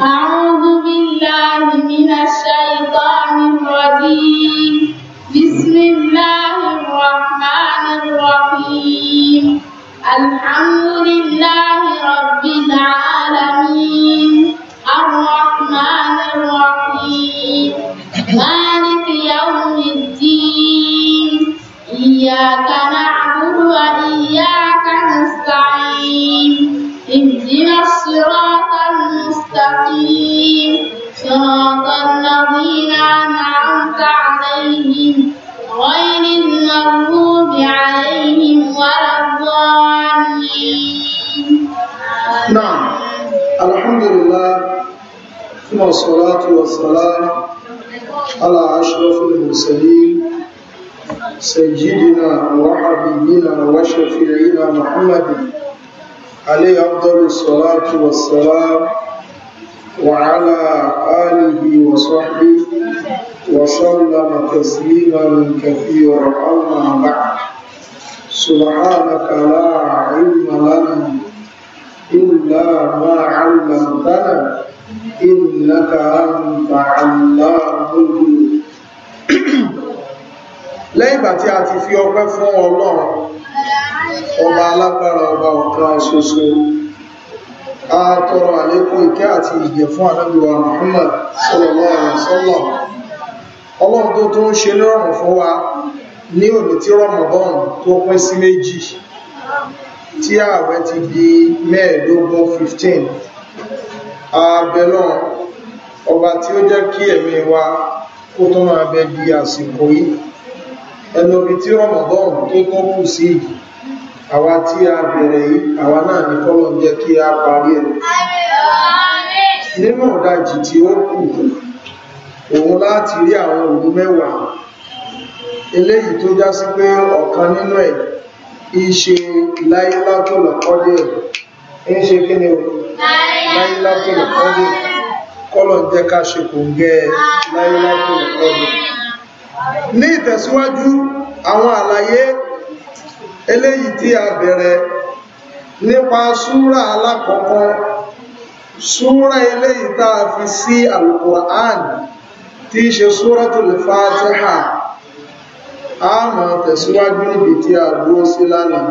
أعوذ بالله من الشيطان الرجيم بسم الله الرحمن الرحيم الحمد لله رب العالمين والسلام على أشرف المرسلين سيدنا وحبيبنا وشفيعنا محمد عليه أفضل الصلاة والسلام وعلى آله وصحبه وسلم تسليما كثيرا أما بعد سبحانك لا علم لنا إلا ما علمتنا إنك أنت علام الغيوب lẹ́yìn ìgbà tí a ti fi ọpẹ́ fún ọlọ́run ọba alágbára ọba ọ̀kan ṣoṣo a tọrọ àlékún ìkẹ́ àti ìyẹ̀ fún àdábíwa Muhammad sallallahu alaihi wasallam ọlọ́run tó tó ń ṣe lọ́rùn fún wa ní òní tí Ramadan tó pín sí méjì tí ààwẹ̀ ti di mẹ́ẹ̀ẹ́dógún 15 ààbẹ̀ náà ọba tí ó jẹ́ kí ẹ̀mí wa kó tó máa bẹ di àsìkò yìí ẹnu ibi tí Ramadan tó tó kù sí yìí àwa tí a bẹ̀rẹ̀ yìí àwa náà ní kọ́lọ̀ jẹ́ kí a parí ẹ̀ nínú ọ̀dájì tí ó kù òun láti rí àwọn òun mẹ́wàá eléyìí tó já sí pé ọ̀kan nínú ẹ̀ ìṣe láyé látọ̀lọ̀kọ́dẹ̀ ń ṣe kí ni o láíláàtò lọ́dún kọ́lọ̀ ń jẹ́ ká ṣe kò ń gẹ́ láíláàtò lọ́dún ní ìtẹ̀síwájú àwọn àlàyé eléyìí tí a bẹ̀rẹ̀ nípa súra alákọ̀ọ́kọ́ súra eléyìí tá a fi sí alukur'an tí í ṣe súratul fatiha a máa tẹ̀síwájú níbi tí a dúró sí lánàá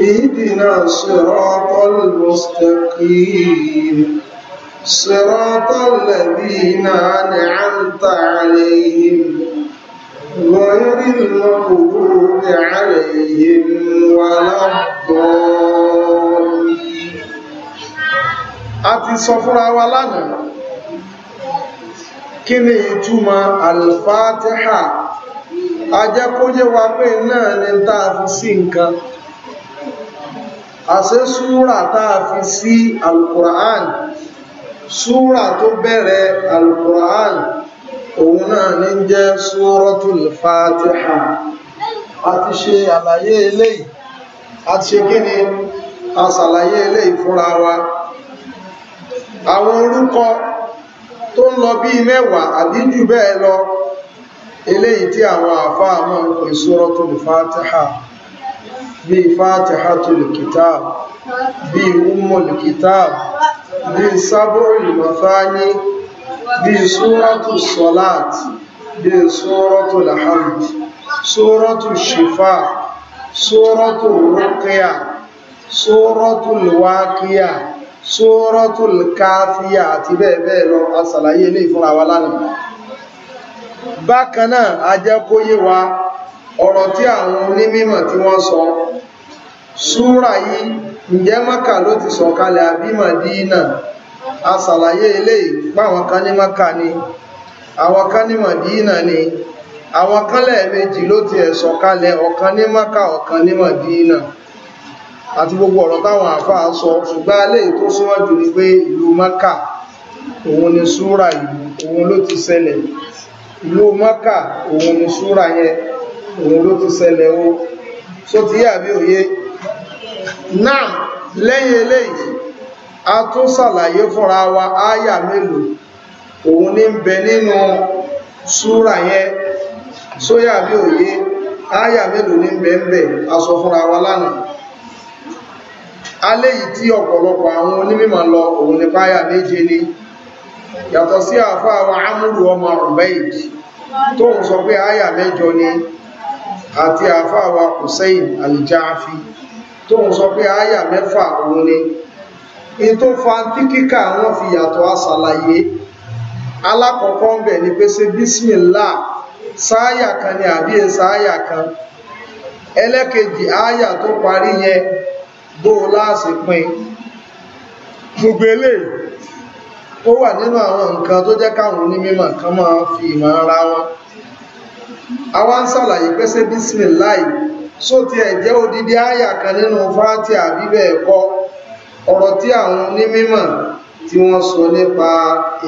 اهدنا الصراط المستقيم صراط الذين أنعمت عليهم غير المغضوب عليهم ولا الضالين a ti sọ fúnra wa lánàá kí ni ìtumọ̀ al-Fatiha àṣẹ súrà tá a fi sí alukur'an súrà tó bẹ̀rẹ̀ alukur'an òun náà ní jẹ́ súratul fatiha a ti ṣe àlàyé eléyìí a ti ṣe kí ni a ṣàlàyé eléyìí fúnra wa àwọn orúkọ tó ń lọ bí mẹ́wàá àbí bẹ́ẹ̀ lọ eléyìí tí àwọn àfáà máa ń pè súratul fatiha bí fatihatul kitab bí ummul kitab bí sab'ul mathani bí suratul salat bí suratul hamd suratul shifa suratul ruqya suratul waqiya suratul káfíyà àti bẹ́ẹ̀ bẹ́ẹ̀ lọ asàlàyé ilé ìfúnra wa lánàá bákan náà wa ọ̀rọ̀ tí àwọn onímọ̀ tí wọ́n sọ súrà yìí ǹjẹ́ mọ́kà ló ti sọ̀kalẹ̀ àbí Mádínà a ṣàlàyé eléyìí páwọn kan ní mọ́kà ni àwọn kan ní ni àwọn kan lẹ́ẹ̀mejì ló ti ẹ̀ sọ̀kalẹ̀ ọ̀kan ní mọ́kà ọ̀kan gbogbo ọ̀rọ̀ táwọn sọ ṣùgbọ́n tó ni pé ìlú mọ́kà òun ni ṣúra yìí òun ló ti ìlú mọ́kà ni ṣúra yẹn òun ló tó o só ti yé àbí òye náà lẹ́yìn eléyìí a tún ṣàlàyé fúnra wa áyà mélòó òun ní ń bẹ nínú súrà yẹn sóyà àbí òye áyà mélòó ní ń bẹ ń bẹ a sọ fúnra wa lánàá alẹ́ tí ọ̀pọ̀lọpọ̀ àwọn onímọ̀ lọ òun ní méje ni yàtọ̀ sí àfáà wa amúrù ọmọ rùbẹ́ìdì tóun sọ pé áyà ni àti àfáàwà Hussein Al-Jaafi tó ń sọ pé àyà mẹ́fà òun ni ètò fàntí kíkà wọn fi yàtọ̀ àṣàlàyé alákọ̀ọ́kọ́ ń bẹ̀ ni pé ṣe bísmìlá sáàyà kan ni àbí sáàyà kan ẹlẹ́kejì àyà tó parí yẹn bó o láàṣì pin gbogbo eléyìí ó wà nínú àwọn nǹkan tó jẹ́ káwọn onímọ̀ kan máa fi ìmọ̀ ara wọn àwa ń ṣàlàyé pẹ́sẹ́ bísímìláì só ti ẹ̀ jẹ́ odidi àyà kan nínú fáti àbíbẹ̀ ẹ̀kọ́ ọ̀rọ̀ tí àwọn onímọ̀ tí wọ́n sọ nípa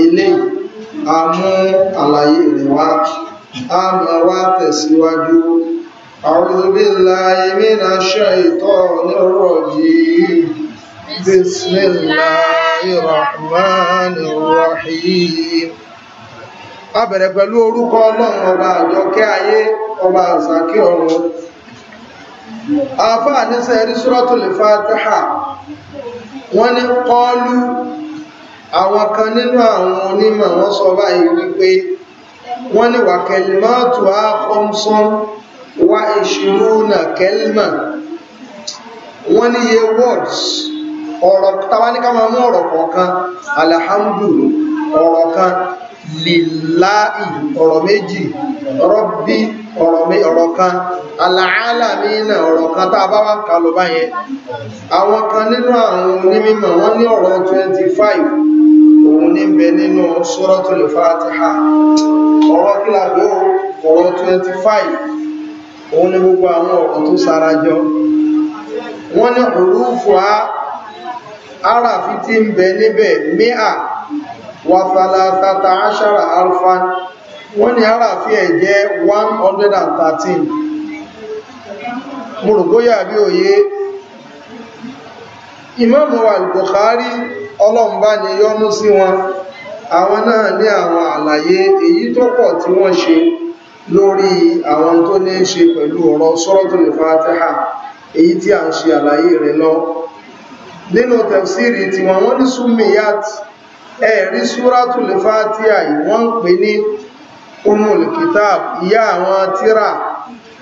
eléyìí a àlàyé rẹ̀ wá a wá tẹ̀síwájú أعوذ بالله من الشيطان الرجيم بسم الله الرحمن الرحيم a bẹ̀rẹ̀ pẹ̀lú orúkọ ọlọ́run ọba àjọkẹ́ ayé ọba àsàkí ọ̀run àfáà níṣẹ́ rí Suratul Fatiha wọ́n ní kọ́ọ́lù àwọn kan nínú àwọn onímọ̀ wọ́n sọ báyìí wípé wọ́n ní wà nà wọ́n ní yẹ words ọ̀rọ̀ tàbáníkà máa mú ọ̀rọ̀ kọ̀ọ̀kan lìláì ọ̀rọ̀ méjì rọ́bí ọ̀rọ̀ kan aláàlàmínà ọ̀rọ̀ kan tá a bá kà lọ báyẹn àwọn kan nínú àwọn onímọ̀ wọ́n ní ọ̀rọ̀ 25 òun ní bẹ nínú Suratul Fatiha ọ̀rọ̀ kílàgbó ọ̀rọ̀ 25 òun ní gbogbo àwọn ọ̀rọ̀ tó wọ́n ní á ara fi ti ń bẹ níbẹ̀ mí à wà tàlátàtà àṣàrà alfa wọ́n ní àràfí ẹ̀ jẹ́ 113 mùrùgbóyà bí òye ìmáàmù al-Bukhari ọlọ́mbá ni yọ́nú sí wọn àwọn náà ní àwọn àlàyé èyí tó pọ̀ tí wọ́n ṣe lórí àwọn tó ní ṣe pẹ̀lú ọ̀rọ̀ Suratul Fatiha èyí tí a ń ṣe àlàyé rẹ̀ lọ nínú tafsiri tí wọ́n ní súnmìyàtì ẹ̀rí súratul Fatiha yìí wọ́n ń pè ní umul kitab ìyá àwọn tírà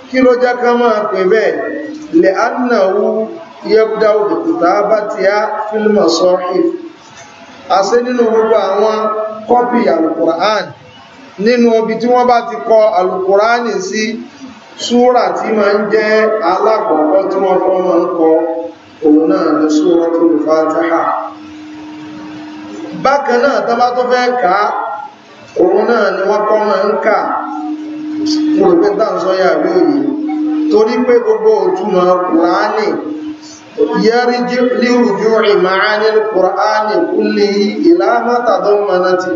kí ló jẹ́ ká máa pè bẹ́ẹ̀ lè annahu yẹ́bùdá òkùtà bá ti á fílmọ̀ sọ́rí àṣẹ nínú gbogbo àwọn kọ́pì alukur'an nínú ibi tí wọ́n bá ti kọ alukur'an sí súra tí máa ń jẹ́ alákọ̀ọ́kọ́ tí wọ́n fọ́ máa ń kọ òun náà ní súratul Fatiha bákan náà tó bá tó fẹ́ kà òun náà ni wọ́n kọ́ máa ń kà mo rò pé dáńsọ́ yà rí òye torí pé gbogbo òtúmọ̀ kùránì yẹ́rí lírujú ìmáàní kùránì kúlé ìlàmátàdọ́ manati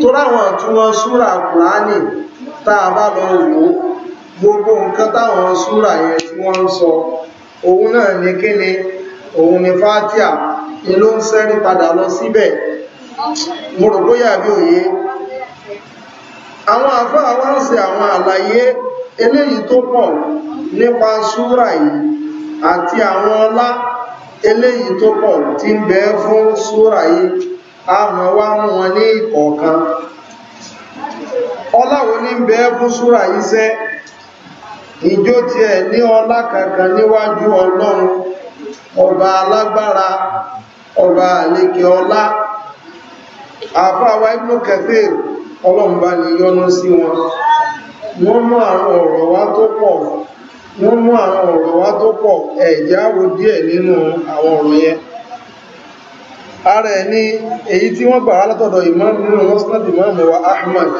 tó ráwọn àtúnwọ́n súra kùránì táa bá lọ wò gbogbo nǹkan táwọn òun ni fátíà ló ń sẹ́rí padà lọ síbẹ̀ mo rò bóyá bí òye àwọn àfáà wá ń àwọn àlàyé eléyìí tó pọ̀ nípa súrà yìí àti àwọn ọlá eléyìí tó pọ̀ tí ń bẹ fún súrà yìí àmọ́ wá mú wọn ní ìkọ̀ọ̀kan ọlá wo kankan níwájú ọlọ́run ọba alágbára ọba àlékè ọlá àfáwà ibnu Kathir ọlọ́mbà ni yọ́nú sí wọn wọ́n mú àwọn ọ̀rọ̀ wá tó pọ̀ wọ́n mú àwọn ọ̀rọ̀ wá tó pọ̀ ẹ̀já wo díẹ̀ nínú àwọn ọ̀rọ̀ yẹn ara ẹ̀ ní èyí tí wọ́n gbà látọ̀dọ̀ ìmáàmù nínú Musnad ìmáàmù wa Ahmad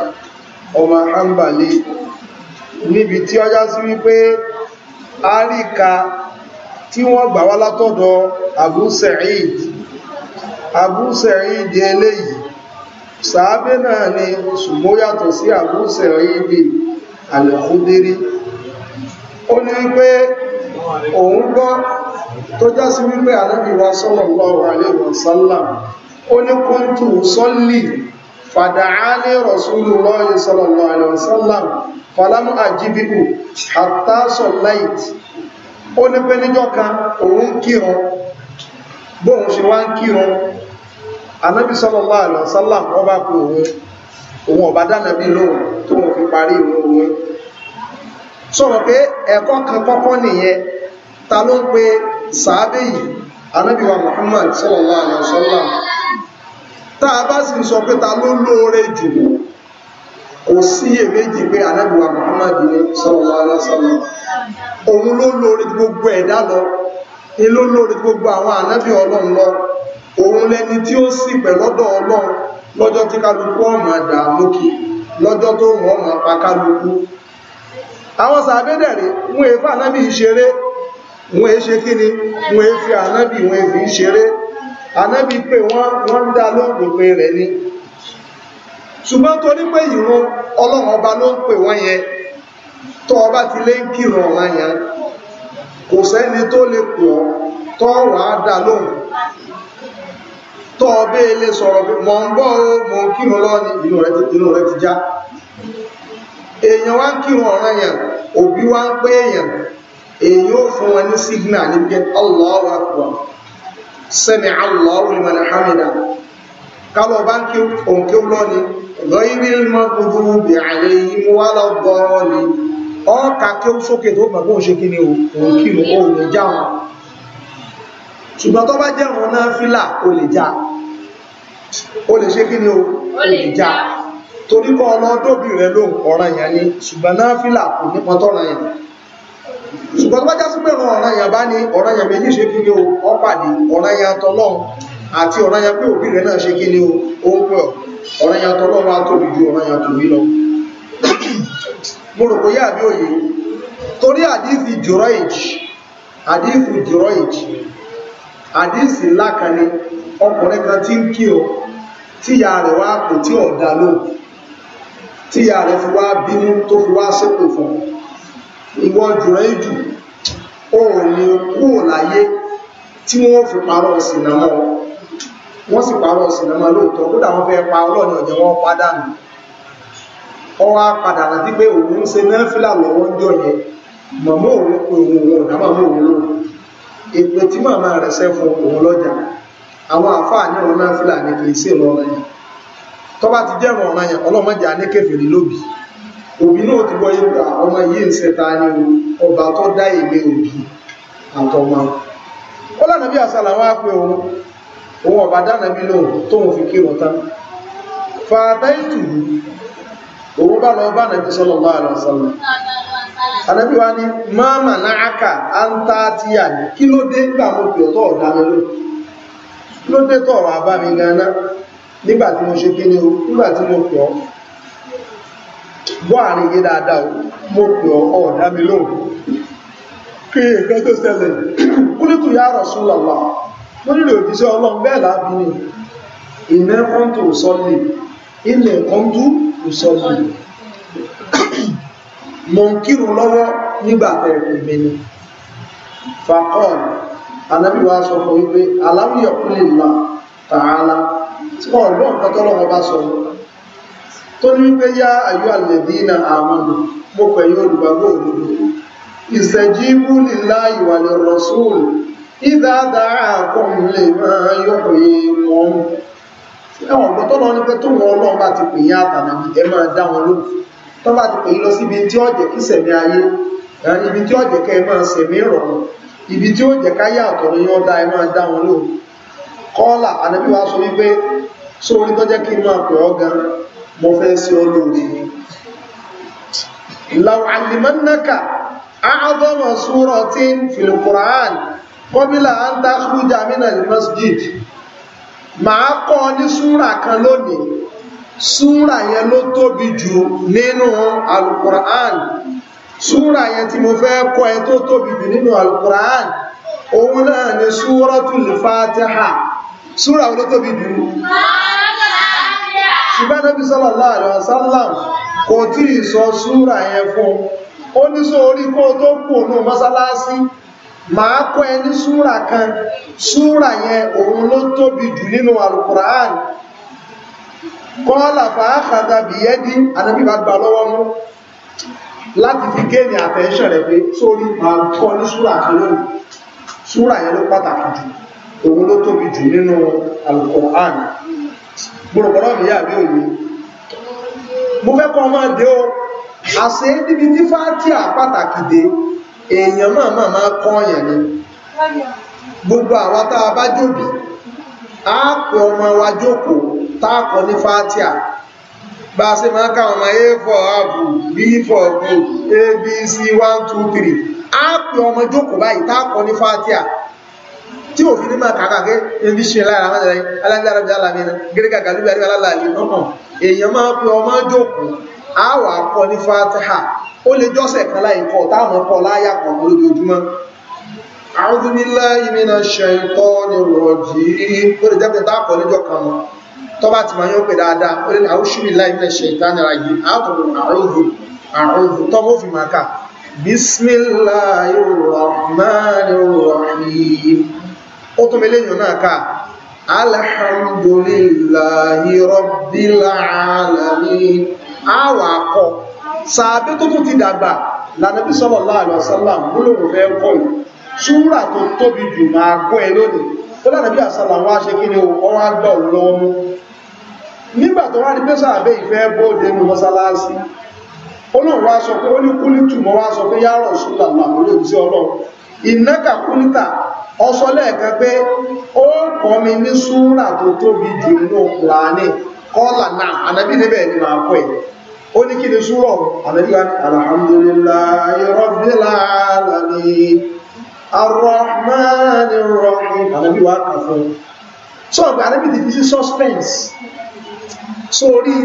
ọmọ Hanbali níbi tí ọjá sí wípé áríkà tí wọ́n gbà wá látọ̀dọ̀ Abu Sa'id Abu Sa'id eléyìí sàábé náà ni ṣùgbọ́n yàtọ̀ sí Abu Sa'id al-Khudri ó ní wípé òun gbọ́ tó já sí wípé Ànábì wa sallallahu alaihi wasallam ó ní kuntu usalli fàdàáni Rasulullah sallallahu alaihi wasallam falam ajibu hatta sallaiti pé níjọ́ kan òun kírun bóun ṣe wá ń kírun anábì sallallahu alaihi wasallam ọba kú òun òun ọba dánàbí lóhùn tó wọn fi parí ìwé òun pé ẹkọ kan kọkọ nìyẹn ta ló ń pe sàábé yìí anábì wa Muhammad sallallahu alaihi wasallam tá a bá sì sọ pé ta ló lóore jù kò sí èméjì pé wa Muhammad gbogbo lọ ni ló lóore gbogbo àwọn anábì lọ òun lẹni tí ó sì pẹ̀ lọ́dọ̀ ọlọ́run lọ́jọ́ tí kálukú ọ̀mà dààmú kí lọ́jọ́ tó wọ́n ọ̀mà pa kálukú àwọn sàbẹ́dẹ̀rẹ̀ wọ́n èé fà náàbì ìṣeré wọ́n èé ṣe kíni wọ́n èé fi ànábì wọ́n ìṣeré ànábì pé wọ́n wọ́n dá lóògùn pé rẹ̀ ni ṣùgbọ́n torí pé ìrun ọlọ́run ọba ló ń pè wọ́n yẹn tó ọba ti lé ń kírun ọ̀ràn yẹn kò sẹ́ni tó lè pọ̀ tó wàá dá lóhùn tọ́ ọbẹ̀ ilé sọ̀rọ̀ mọ̀ ń bọ́ o mọ̀ ń kírun lọ ní inú rẹ̀ ti inú rẹ̀ ti já èèyàn wá ń kírun ọ̀ràn yẹn òbí wá ń pé èèyàn èèyàn ó fún wọn ní signal níbi jẹ́ Allahu Akbar sami Allahu liman hamida kálọ̀ bá ń kí òǹkí lọ ní ghayril maghdubi alayhim waladdallin ọ̀ọ́ka kí ó sókè tó mọ̀ bó ń ṣe kí ni òǹkí lọ òun ní já wọn ṣùgbọ́n tó bá jẹ́ òun náà fílà o lè já o lè ṣe kí ni o lè já torí kọ́ ọlọ́dọ́bì rẹ ló ọ̀ràn yẹn ni ṣùgbọ́n náà fílà kò nípa tọ́ràn yẹn ṣùgbọ́n tó já sí pé ọ̀ràn ọ̀ràn bá ní ọ̀ràn yẹn méjì ṣe kí ni o ọ̀pàdé ọ̀ràn yẹn tọ́lọ́hún àti ọ̀ràn yẹn pé òbí rẹ náà ṣe kí ni o ó ń pẹ́ ọ̀ràn yẹn tọ́lọ́hún á tóbi ju ọ̀ràn yẹn tòbí lọ mo rò bóyá àbí òye torí àdífi jùrọ̀ èjì àdífi jùrọ̀ èjì àdíìsì ńlá kan ni ọkùnrin kan ti ń kí ọ tíya rẹ̀ wá kò tí ọ̀dà lóhùn tíya rẹ̀ fi wá bínú tó fi wá sépò fún ìwọ jùrọ̀ ìjù ó ní kúrò láyé tí wọ́n fi parọ́ sinamọ́ wọ́n sì parọ́ sinamọ́ lóòótọ́ kódà wọ́n fẹ́ pa ọlọ́ọ̀ni ọ̀jẹ̀ wọn pádànù ọwọ́ padà láti pé òun ń ṣe náà fìlà lọ́wọ́ ń jọ yẹn mọ̀mọ́ òun pé òun òun àmọ́ òun lóòótọ́ èpè tí màmá rẹ̀ ṣẹ́ fún òun lọ́jà àwọn àfáà ní ọ̀rọ̀ náà fúlàní kì í sí ìrọ̀rùn yẹn tó bá ti jẹ́rùn ọ̀ràn yẹn ọlọ́mọdé anékèfèrè lóbi òbí náà ti gbọ́ yípa ọmọ yìí ń ṣẹta ni o ọba tó dá èmi òbí àtọmọ ó lànà bí àṣà làwọn á pe òun òun ọba dáná bí lóun tóun fi kírun tán fàtà ìtù òun bá lọ bá nàbí sallallahu alaihi wasallam ànábì wa ní mọ́mà náà ákà áńtá tí yà ní kí ló dé nígbà mo pè ọ̀tọ̀ ọ̀dá mi ló kí ló dé tọ̀ wà bá mi ganá nígbà tí mo ṣe kí ni o nígbà tí mo pè ọ́ bọ́ àárín yé dáadáa o mo pè ọ́ ọ̀dá mi ló kí nǹkan tó ṣẹlẹ̀ kúlítù yá Rasulullah mo nílò òjíṣẹ́ ọlọ́run bẹ́ẹ̀ láàbí ni ìmẹ́kọ́ntò sọ́lẹ̀ ilẹ̀ kọ́ntù sọ́lẹ̀ mọ̀ ń kírun lọ́wọ́ nígbà tẹ̀rù ìgbé ni fàkọ́ọ̀n anábìwá sọ fún wípé aláwìyọ̀ kúlè là tààlà tí wọ́n gbọ́ nǹkan tọ́lọ́wọ́ bá sọ tó ní wípé yá àyú àlẹ́dínà àmọ́nù mo pẹ̀yìn olùgbàgbọ́ òdodo ìṣẹ̀jíbú lílá ìwàlẹ̀ rọ̀súùlù ìdáadáa àkọ́mù tó bá ti pè yín lọ síbi tí ó jẹ́ kí sẹ̀mí ayé ibi tí ó jẹ́ kẹ́ ẹ máa sẹ̀mí rọrùn ibi tí ó jẹ́ káyé àtọ̀ ni yóò dá ẹ máa dá wọn lò kọ́là ànábì wa sọ wípé sórí tó jẹ́ kí n máa pè ọ́ gan mo fẹ́ sí ọ lóore ni law allimannaka a'dama suratin fil Qur'an qabla an takhruja minal masjid màá kọ́ ọ ní súrà kan lónìí súrà yẹn ló tóbi jù nínú alukur'an súrà yẹn tí mo fẹ́ kọ́ ẹ tó tóbi jù nínú alukur'an òun náà ni súratul fatiha súrà ló tóbi jù ṣùgbọ́n Nábì sallallahu alaihi wasallam kò tí ì sọ súrà yẹn fún ó ní sọ orí kó tó kù ònú mọ́sálásí màá kọ́ ẹ ní súrà kan súrà yẹn òun ló tóbi jù nínú alukur'an kọ́lá fàákàtà bìyẹ́dí anábì bá gbà lọ́wọ́ mú láti fi géèmì àtẹ́ṣẹ̀ rẹ̀ pé sórí máa kọ́ ní súrà kan lónìí súrà yẹn ló pàtàkì jù òun ló tóbi jù nínú Al-Qur'an gbọ́rọ̀gbọ́rọ̀ mi yà bí òye mo fẹ́ kọ́ máa dé o àṣẹ gbogbo àwọn tá a bá jòbí á pè ọmọ wa jókòó táàkọ ní fatia bá a ṣe máa ń káwọn ọmọ a for apple b for gold abc one two three á pè ọmọ jókòó báyìí táàkọ ní fatia tí òfin ní máa kàkà gé ẹbí ṣe lára àwọn ẹ̀rẹ́ alágbára alábìnrin gírígà gàlúbí alábìnrin aláàlì náà èèyàn máa pè ọmọ jókòó á wà kọ ní fatiha ó lè jọ́sẹ̀ kan láì kọ táwọn kọ láyà pọ̀ lójoojúmọ́ a'udhu billahi minash shaitani rrajim ó lè jẹ́ pé táàkọ̀ níjọ́ tọ́ba ti máa yóò pè dáadáa ó lè àwọn ṣùgbọ́n láì fẹ́ ṣe ìdánira yìí àtọ̀rọ̀ àrùn àrùn tọ́wọ́ fi máa kà bismillahir rahmanir rahim ó tó mẹ́lẹ́yìn náà ká alhamdulillahi rabbil alamin àwọ̀ akọ sàbẹ́ tó ni ó wá gbà òun lọ́wọ́ mú nígbà tó rádi pé sàbẹ́ ìfẹ́ bóde ní mọ́sálásí olóòwò wá sọ pé ó ní kúlítù mọ́ wá sọ pé yárọ̀ ṣúlà làmúlò sí ọlọ́run ìnáka kúlítà ọsọ lẹ́ẹ̀kan pé ó kọ́ mi ní súrà tó tóbi jù nínú kùránì kọ́là náà ànábì níbẹ̀ ni màá kọ́ ẹ̀ ó ní kí ni súrà ànábì wa ní alhamdulillahi rabbil alamin arrahmanir rahim ànábì wa kà fún sọ̀rọ̀ pé ànábì ti fi sí suspense sórí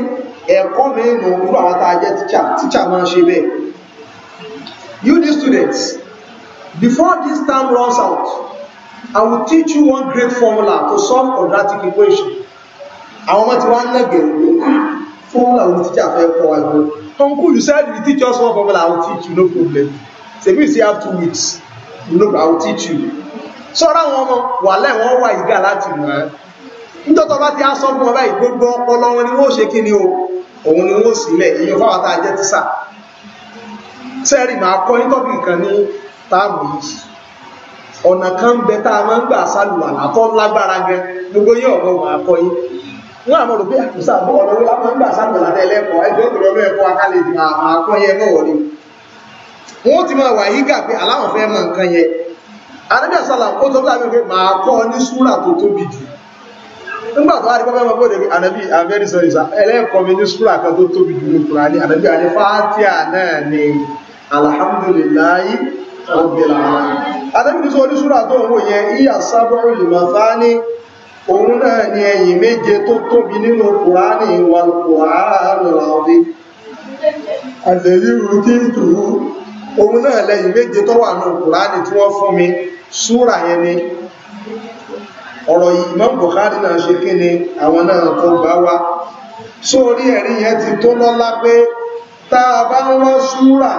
ẹ̀kọ́ mẹ́rin òun àwọn tá a jẹ́ tíṣà tíṣà máa ṣe bẹ́ẹ̀ you the students before this time runs out I will teach you one great formula to solve quadratic equation àwọn ọmọ tí wọ́n ń lẹ́gẹ̀ẹ́ formula will teach us fẹ́ kọ́ ẹ̀kọ́ uncle you said you teach us one formula I will teach you no problem say me say have two weeks you know I will teach you sọ́ra àwọn ọmọ wàhálà ẹ̀ wọ́n wà ìgbà láti mọ̀ ẹ́. ndọtọba bá ti á sọ fún ọba ìgbogbo ọpọlọ wọn ni wọ́n ṣe kí ni o òun ni wọ́n sílẹ̀ èyí fáwọn tá a ti tísà sẹ́ẹ̀rì máa kọ ní tọ́pì ní yìí ọ̀nà kan ń bẹ tá a máa ń gbà sálùwà gbogbo yìí ọ̀gọ́ wọn yìí àmọ́ àtúnṣà bọ́ ọ̀nà wọn máa ń gbà sálùwà ẹgbẹ́ òkèrè akálẹ̀ nígbà tó wá di pẹ́pẹ́ mọ́kò dẹ̀bi ànábì àbẹ́rì sọ ìsà ẹlẹ́ẹ̀kọ́ mi ní súra kan tó tóbi jù ní Kùránì ànábì àní fàtíà náà ni alhamdulillahi rabbil alamin ànábì sọ oníṣúra tó ń wò yẹn ìyà sábọ́rù lìmọ̀fá ní òun náà ni ẹ̀yìn méje tó tóbi nínú Kùránì wal Qur'anul azim àtẹ̀lí rúkín tùrú òun náà lẹ́yìn méje tó wà nínú Kùránì tí wọ́n fún mi súra yẹn ọ̀rọ̀ yìí Imam Bukhari náà ṣe kí ni àwọn náà tó gbá wá sórí ẹ̀rí yẹn ti tó lọ́lá pé tá a bá ń wá súrà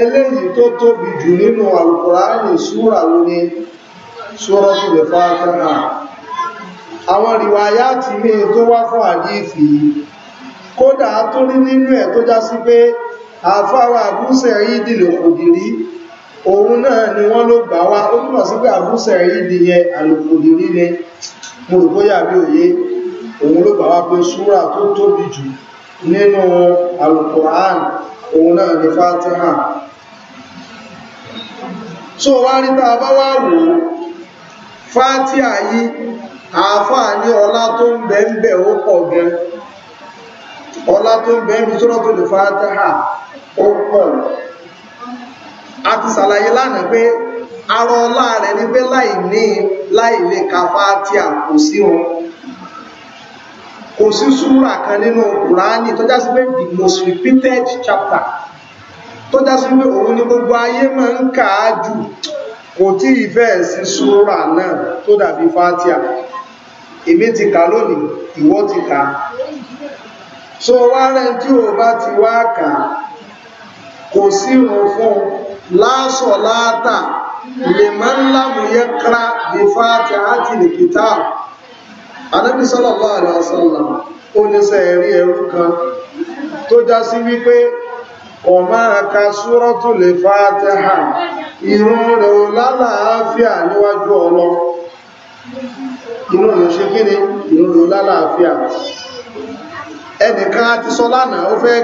eléyìí tó tóbi jù nínú Al-Qur'ani súrà wo ni Suratul Fatiha àwọn rìwáyá ti ní tó wá fún àdífì kódà tó rí nínú ẹ̀ tó já sí pé àfáwà Abu Sa'id al òun náà ni wọ́n ló gbà wá ó túnmọ̀ sí pé àbúsẹ̀ yìí di yẹn àlòkòdì líle mo rò bóyá bí òye òun ló gbà wá pé súrà tó tóbi jù nínú Al-Qur'an òun náà ni Fatiha so wá rí tá a bá wá wò ó Fatiha yìí àáfàá ní ọlá tó ń bẹ ń bẹ ó pọ̀ gan ọlá tó ń bẹ ń bí sọ́rọ̀ tó lè Fatiha ó pọ̀ a ti ṣàlàyé lánàá pé arọ ọlá rẹ̀ ni pé láì ní láì lè ka fátíà kò sí o kò sí súra kan nínú kùránì tó já sí pé the most repeated chapter tó já sí pé òun ni gbogbo ayé máa ń kà á jù kò tí ì fẹ́ẹ̀ sí súra náà tó dàbí fátíà èmi ti kà lónìí ìwọ ti kà so wá rẹ̀ tí o bá ti wá kà kò sí irun fún un la solata liman lam yakra bi fatihati alkitab anabi sallallahu alaihi wasallam ó ní ṣé rí kan tó já wípé ó máa ka suratul fatiha ìrun rẹ̀ ẹnìkan ti sọ lánàá ó fẹ́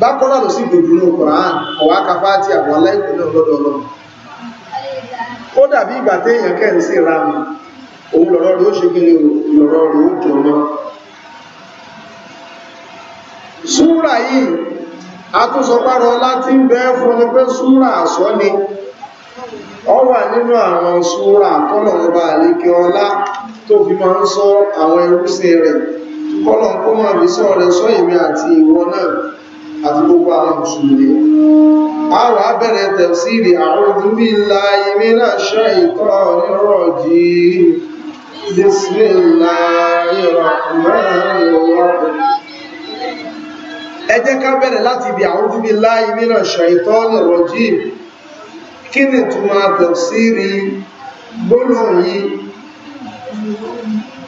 bákọ́lá ló sì gbèdú ní Kùránì ọ̀wá kafá tí àwọn aláìkò náà lọ́dọ̀ ọlọ́run ó dàbí ìgbà téèyàn kẹ́ ń sí ra mi òun lọ̀rọ̀ rẹ̀ ó ṣe kí lọ̀rọ̀ rẹ̀ ó jọ mọ́ súrà yìí atúnṣọpárọ̀ láti ń bẹ́ fún ni pé súrà àsọ ni ọ wà nínú àwọn súrà tọ́nà ọba àlékè ọlá tó fi máa ń sọ àwọn ẹrúsìn rẹ̀ kọ́nà kó máa fi sọ rẹ̀ sọ èmi àti ìwọ náà àti gbogbo àwọn mùsùlùmí àwọn abẹ́rẹ̀ tẹ̀síìrì a'udhu billahi minash shaitonir rajim bismillahir rahmanir rahim ẹ jẹ́ ká bẹ̀rẹ̀ láti ibi a'udhu billahi minash shaitonir rajim kí ni túmọ̀ tẹ̀síìrì gbólóhùn yìí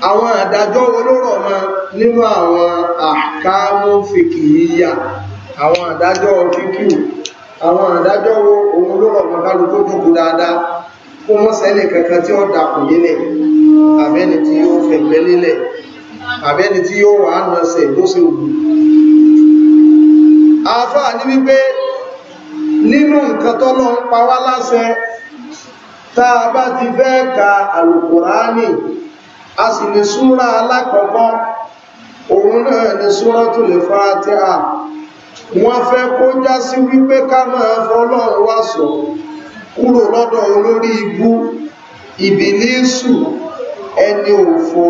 àwọn àdájọ́ olóró ọmọ nínú àwọn ahkamu fiqhiyya àwọn àdájọ́ fíkì àwọn àdájọ́ wo òun ló rọ̀ mọ́kálù tó dùnkù dáadáa kó mọ́ sẹ́lẹ̀ kankan tí ó dàkùn nílẹ̀ àbẹ́ni tí yóò fẹ̀gbẹ́ nílẹ̀ àbẹ́ni tí yóò wà á nọ̀sẹ̀ bó ṣe wù àáfàá ní wípé nínú nǹkan tọ́lọ́ ń pa wá láṣẹ tá a bá ti fẹ́ ka àlùkùránì a sì ní súra alákọ̀ọ́kọ́ òun náà ní súratul Fatiha wọ́n fẹ́ kó já sí wípé ká máa fọ́lọ́run wá sọ kúrò lọ́dọ̀ olórí ibú ìbílísù ẹni òfo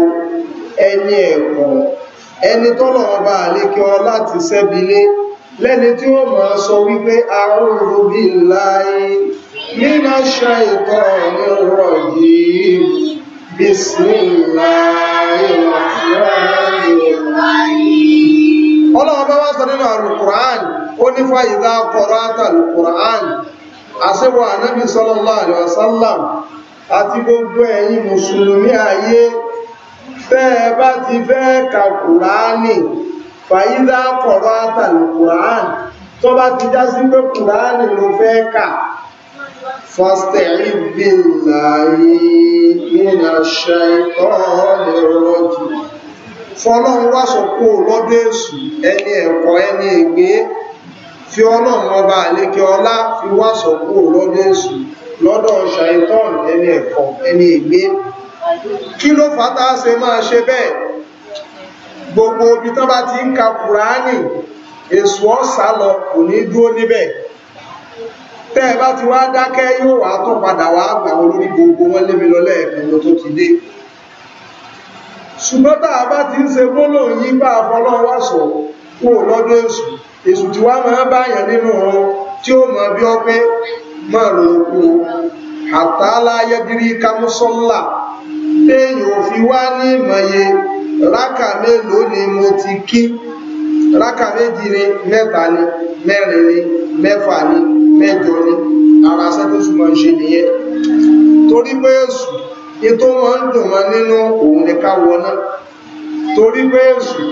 ẹni ẹ̀kọ́ ẹni tọ́lọ̀ ọba àlékẹ́ ọ láti sẹ́bilé lẹ́ni tí ó máa sọ wípé a'udhu ọlọ́run bá wá sọ nínú alukur'an ó ní fàyíká kọ̀rọ̀ àtà alukur'an àṣewọ̀ anábì sallallahu alaihi wasallam àti gbogbo ẹ̀yin mùsùlùmí ayé tẹ́ ẹ bá ti fẹ́ ka kùránì fàyíká kọ̀rọ̀ àtà alukur'an tó bá ti já sí pé kùránì ló fẹ́ kà fasta'id fọlọ́run wá sọ kó lọ́dọ̀ èṣù ẹni ẹ̀kọ́ ẹni ègbé fi ọlọ́run ọba àlékẹ́ ọlá fi wá sọ kó lọ́dọ̀ èṣù lọ́dọ̀ ṣàìtọ́n ẹni ẹ̀kọ́ ẹni ègbé kí ló fàtà ṣe máa ṣe bẹ́ẹ̀ gbogbo ibi tán bá ti ń ka kùránì èṣù ọ̀sà lọ kò ní dúró níbẹ̀ tẹ́ ẹ bá ti wá dákẹ́ yóò wá tó padà wá gbàwọ́ lórí gbogbo wọn lémi lọ lẹ́ẹ̀kan lọ tó ti dé ṣùgbọ́n tá a bá ti ń ṣe gbólò yí bá afọlọ́wà sọ wò lọ́dọ̀ èṣù èṣù tí wá máa báyàn nínú wọn tí ó mọ̀ bí ọ pé máa lò ó àtàláyé gírí kámúsọ́lá téèyàn ò fi wá ní ìmọ̀ye rákà mélòó ni mo ti kí rákà méjì ni mẹ́ta ni mẹ́rin ni mẹ́fà ni mẹ́jọ ni ara ṣẹ́ tó ń ṣe nìyẹn torí pé èṣù ètò wọn ń dùn wọn nínú òun ni ká wọná torí pé èṣù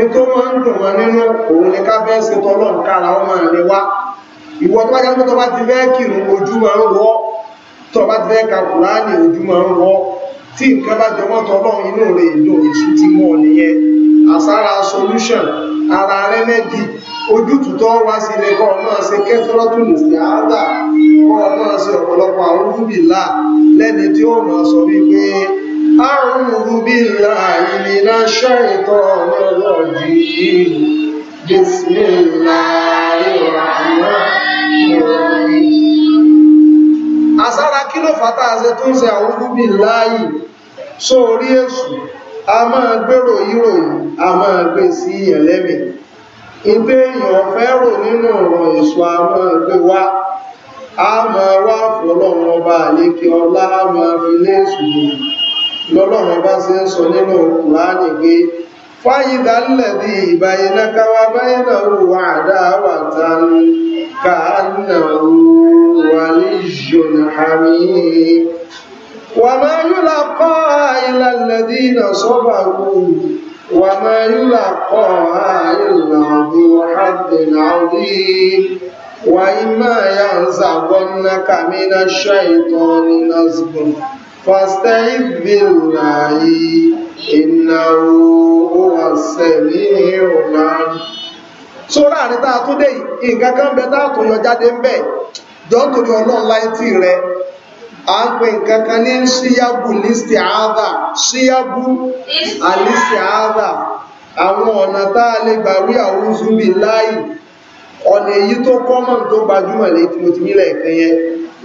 ètò wọn ń dùn wọn nínú òun ni ká fẹ́ ṣe tọ́lọ̀ ń kára ọmọ rẹ wá ìwọ tó bá jẹ́ pé tó bá ti fẹ́ kírun ojú máa ń wọ́ tó bá ti fẹ́ ka kùránì ojú máa ń wọ́ tí nǹkan bá jọmọ́ tọ́lọ̀ inú rẹ̀ ìlò èṣù ti mú nìyẹn àsára solution ara rẹ́mẹ́dì ojútùtọ́ wá sí ilẹ̀ kọ́ máa ṣe kẹfẹ́rọ́tù mùsùlùmí kọ́ máa ṣe ọ̀pọ̀lọpọ̀ àrùn bìlà lẹ́ni tí ó máa sọ wípé àrùn bìlà ìlera ṣẹ́ìtọ́ lọ́rọ̀ yìí Àsára kí ló fàtà àṣẹ tó ń ṣe àwúrú bí láàyè sórí èṣù, a máa gbèrò yíròyìn, a máa gbé sí ẹlẹ́mìí ìpé èèyàn fẹ́rò nínú ọ̀rọ̀ èso àwọn ẹgbẹ́ wa a máa wá fọ́lọ́run ọba àlékè ọlá a máa fi lé ìṣòro lọ́lọ́run bá ṣe ń sọ nínú Kùránì pé fáyidà lẹ́dí ìbáyé nákáwá báyé náà wò wá àdáwà ta wà ní ìṣòro àmì wà máa yúlá kọ́ àìlà وما يلقاها إلا ذو حظ عظيم وإما ينزغنك من الشيطان نزغ فاستعذ بالله إنه هو السميع العليم sórí àárín tá tún dé yìí nǹkan kan bẹ tá a tún yọ jáde ń bẹ jọ rẹ à npe nkaka nǹkan kan ní ṣíyábù listi'adha ṣíyábù alisti'adha àwọn ọ̀nà tá a lè gbà wí a'udhu billahi ọ̀nà èyí tó kọ́mọ̀ tó gbajúmọ̀ lè tí mo ti nílẹ̀ ẹ̀kan yẹn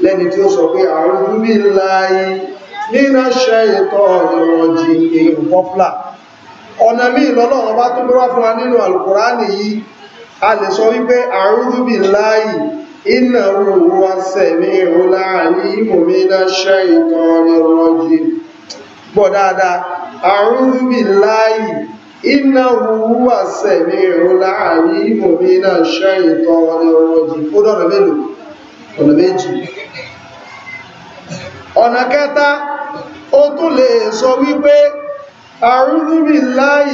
lẹ́ni tí ó sọ pé a'udhu billahi minash shaytanir rajim èyàn pọ́pùlà ọ̀nà míì lọ́lọ́run bá tún bí fún wa nínú àlùkùránì yìí a lè sọ wípé إنه هو السميع العليم من الشيطان الرجيم بودادا أعوذ بالله إنه هو السميع العليم من الشيطان الرجيم ọ̀nà mélòó ọ̀nà méjì ọ̀nà kẹta ó tún lè sọ wípé أعوذ بالله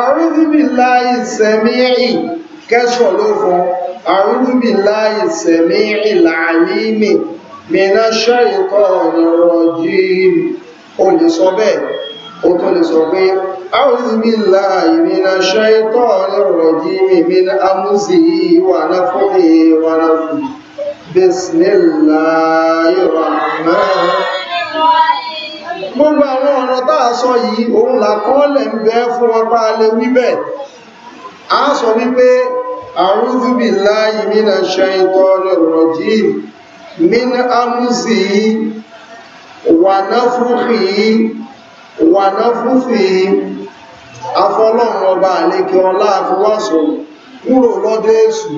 أعوذ بالله السميع kẹ́sọ̀ ló fún أعوذ بالله السميع العليم من الشيطان الرجيم قل صبي قل صبي أعوذ بالله من الشيطان الرجيم من أمزه ونفخه ونفخه بسم الله الرحمن gbogbo àwọn ọ̀rọ̀ táà sọ yìí òun làkọọ́lẹ̀ ń bẹ fún ọpá alẹ́ wíbẹ̀ a sọ wípé أعوذ بالله من الشيطان الرجيم من أمزه ونفخه ونفثه afọlọ́run ọba àlékẹ́ ọlá àfiwásọ̀ kúrò lọ́dọ̀ èṣù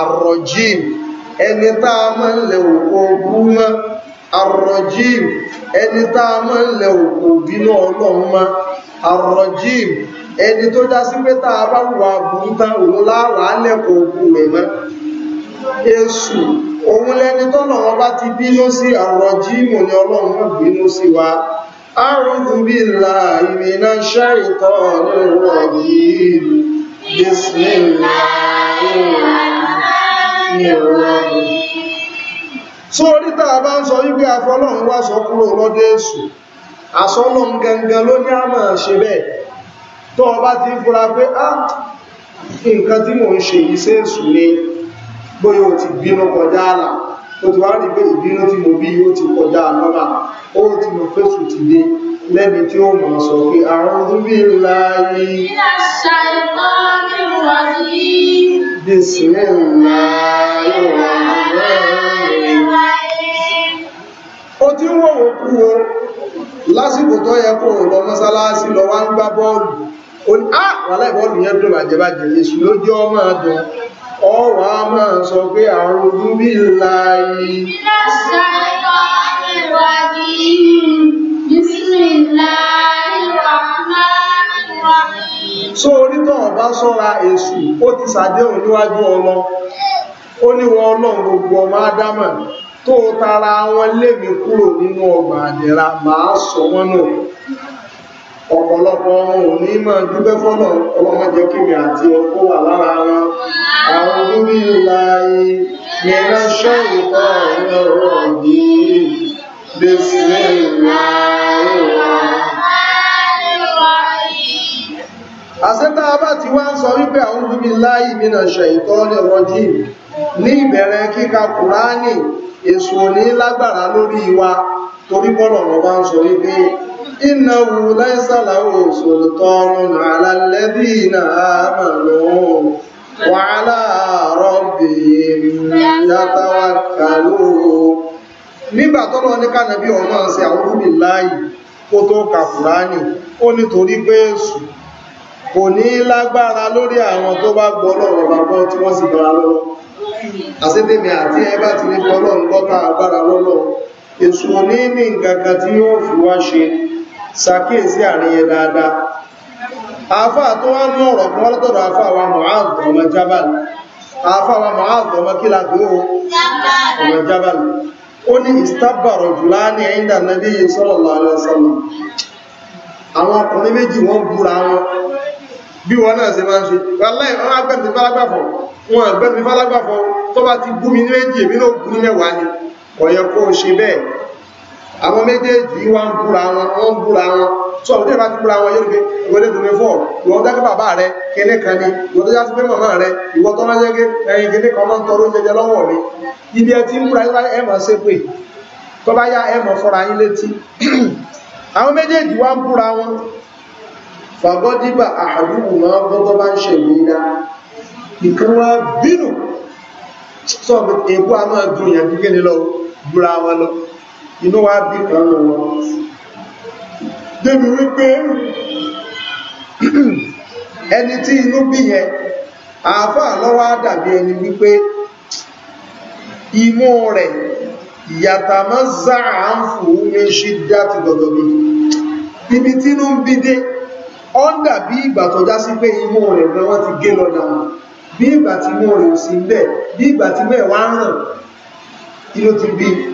àrọ̀jìm ẹni tá a máa ń lẹ̀ òkú ogú mọ́ àrọ̀jìm ẹni tá a máa ń lẹ̀ òkú bínú ọlọ́run mọ́ àrọ̀jìm ẹni tó já sí pé tá a bá wà burú tán òun láwàá lẹ́kọ̀ọ́ òkú rẹ̀ mọ́ èṣù òun lẹni tọ́nà wọn bá ti bínú sí jíìmù ni bínú sí wa a'udhu billahi minash shaitonir rajim bismillahir rahmanir sórí tá a bá ń sọ wípé afọlọ́run wá sọ kúrò lọ́dọ̀ èṣù àsọlọ́run gangan tó ọba ti ń fura pé á ah, nǹkan tí mò ń ṣe yìí ṣe ni bóyá o ti bínú kọjá àlà o ti wá rí pé ìbínú tí mo bí yóò ti kọjá nọ́mà ó ti mọ̀ pé ti dé lẹ́ni tí ó mọ̀ sọ pé àrùn ọdún bí láyé bísí láyé ó ti ń wọ̀wọ̀ kú o lásìkò tó yẹ kó lọ mọ́sálásí lọ wá ń gbá bọ́ọ̀lù ó ní ah wàhálà ìbọ́ọ̀lù yẹn dùn bàjẹ́ bàjẹ́ èṣù lójú ọmọ àdùn ọwà máa sọ pé àrùn bí láyé so orítọ̀ ọba sọ́ra èṣù ó ti sàdéhùn níwájú ọlọ ó ní wọn ọlọ́run gbogbo ọmọ ádámà tó tara wọn lémi kúrò nínú ọgbà àdẹ̀ra màá sọ wọn náà ọ̀pọ̀lọpọ̀ wọn ò ní máa dúpẹ́ fọ́nà ọlọ́mọdé àti ọkọ́ wà lára wọn àwọn dúbí láàyè mẹ́rẹ́ ṣọ́ìkọ́ ẹ̀rọ yìí bẹ́sẹ̀ ti wá ń sọ wípé àwọn yìí ní ìbẹ̀rẹ̀ kíka kùránì èso lágbára innahu laysa lahu sultanun ala alladhina amanu wa ala rabbihim yatawakkalun nígbà tọ́lọ́ ní kánàbí ọmọ ṣe àwúrúbì láàyè kó tó kàfùránì ó nítorí pé èṣù kò ní lágbára lórí àwọn tó bá gbọ́ lọ́rọ̀ bàbọ́ tí wọ́n sì bára lọ́wọ́ àṣẹ́tẹ̀mì àti ẹbá ti ní gbọ́ lọ́rùn lọ́ta agbára lọ́lọ́ èṣù ní ní nǹkan tí yóò fi wá ṣe ṣàkíyèsí àárín yẹn dáadáa àáfà tó wá mú ọ̀rọ̀ kan lọ́tọ̀dọ̀ àáfà wa Mu'adh ọmọ Jabal àáfà wa Mu'adh ọmọ kílà pé ó ọmọ Jabal ó ní ìstábàrọ̀ jùlá ní ẹ̀yìndà nàbí sallallahu alaihi wasallam àwọn ọkùnrin méjì wọ́n búra wọn bí wọn náà ṣe máa ń ṣe wàláì àwọn méjèèjì wá ń búra wọn wọ́n ń búra wọn tó àwọn tẹ́lẹ̀ bá ti búra wọn yóò gbé ìwọ lè dùnmí fọ́ ìwọ tó bàbá rẹ kéne kan ni ìwọ tó jẹ́ pé màmá rẹ ìwọ tó máa jẹ́ pé ẹyin kéne kan máa ń tọrọ jẹjẹ lọ́wọ́ mi ibi ẹ ti ń búra yóò ẹ mọ̀ ṣe pé tó bá yá ẹ mọ̀ fọ́ra yín létí àwọn méjèèjì wá ń búra wọn fàgọ́dìbà àdúgbò náà gbọ́dọ̀ bá ń ṣèlú lọ inú wa bí kan lọ wọn débi wípé ẹni tí inú bí yẹn àáfàá lọ́wọ́ á dàbí ẹni wípé imú rẹ̀ ìyàtàmọ́ záà ń fòó méṣí dá ti gbọ̀dọ̀ bí ibi tí inú ń bí dé ó ń dàbí ìgbà tó já sí pé imú rẹ̀ gan wọ́n ti gé lọ dànù bí ìgbà tí imú rẹ̀ ò sí ń bẹ̀ bí ìgbà tí mẹ́wàá ń ràn kí ló ti bí i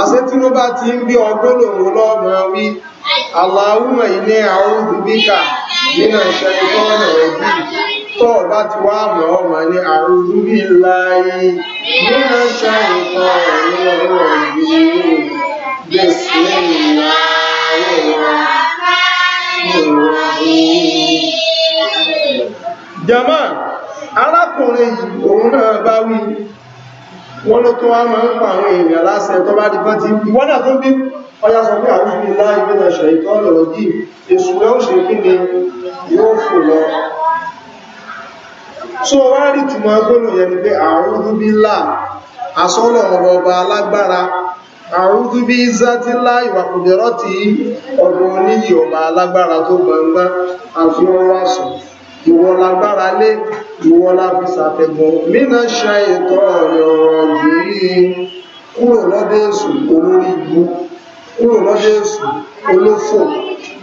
àṣẹ tí bá ti ń bí ọgbọ́n lòun lọ́mọ wí aláwùmọ̀ ilé àwọn òdúbíkà nínú ìṣẹ́ ìfọ́nà ẹ̀bí bá ti wá mọ̀ ọmọ ní àrùn òdúbí nínú ìṣẹ́ ìfọ́nà ẹ̀bí arákùnrin òun náà bá wí wọ́n ló tó wá máa ń pa àwọn èèyàn lásẹ̀ tó bá dìbọn ti wọ́n náà tó bí ọya sọ pé àwọn ìbí láì bí na ṣe ìtọ́ lọ̀rọ̀ yìí èṣù rẹ̀ ó ṣe kí ni yóò fò lọ so wá rí túnmọ̀ gbónú yẹn ni pé àrùn bí là asọ́lọ̀ ọba alágbára àrùn bí zati láì wà kùdẹ̀rọ̀ tí ọdún oníyì ọba alágbára tó gbangba àfi ìwọ lágbára lé ìwọ la fi ṣàtẹ̀gùn mínà ṣe ètò ọ̀rẹ́ ọ̀rọ̀ yìí kúrò lọ́dẹ̀ èṣù olórí ìlú kúrò lọ́dẹ̀ èṣù olófò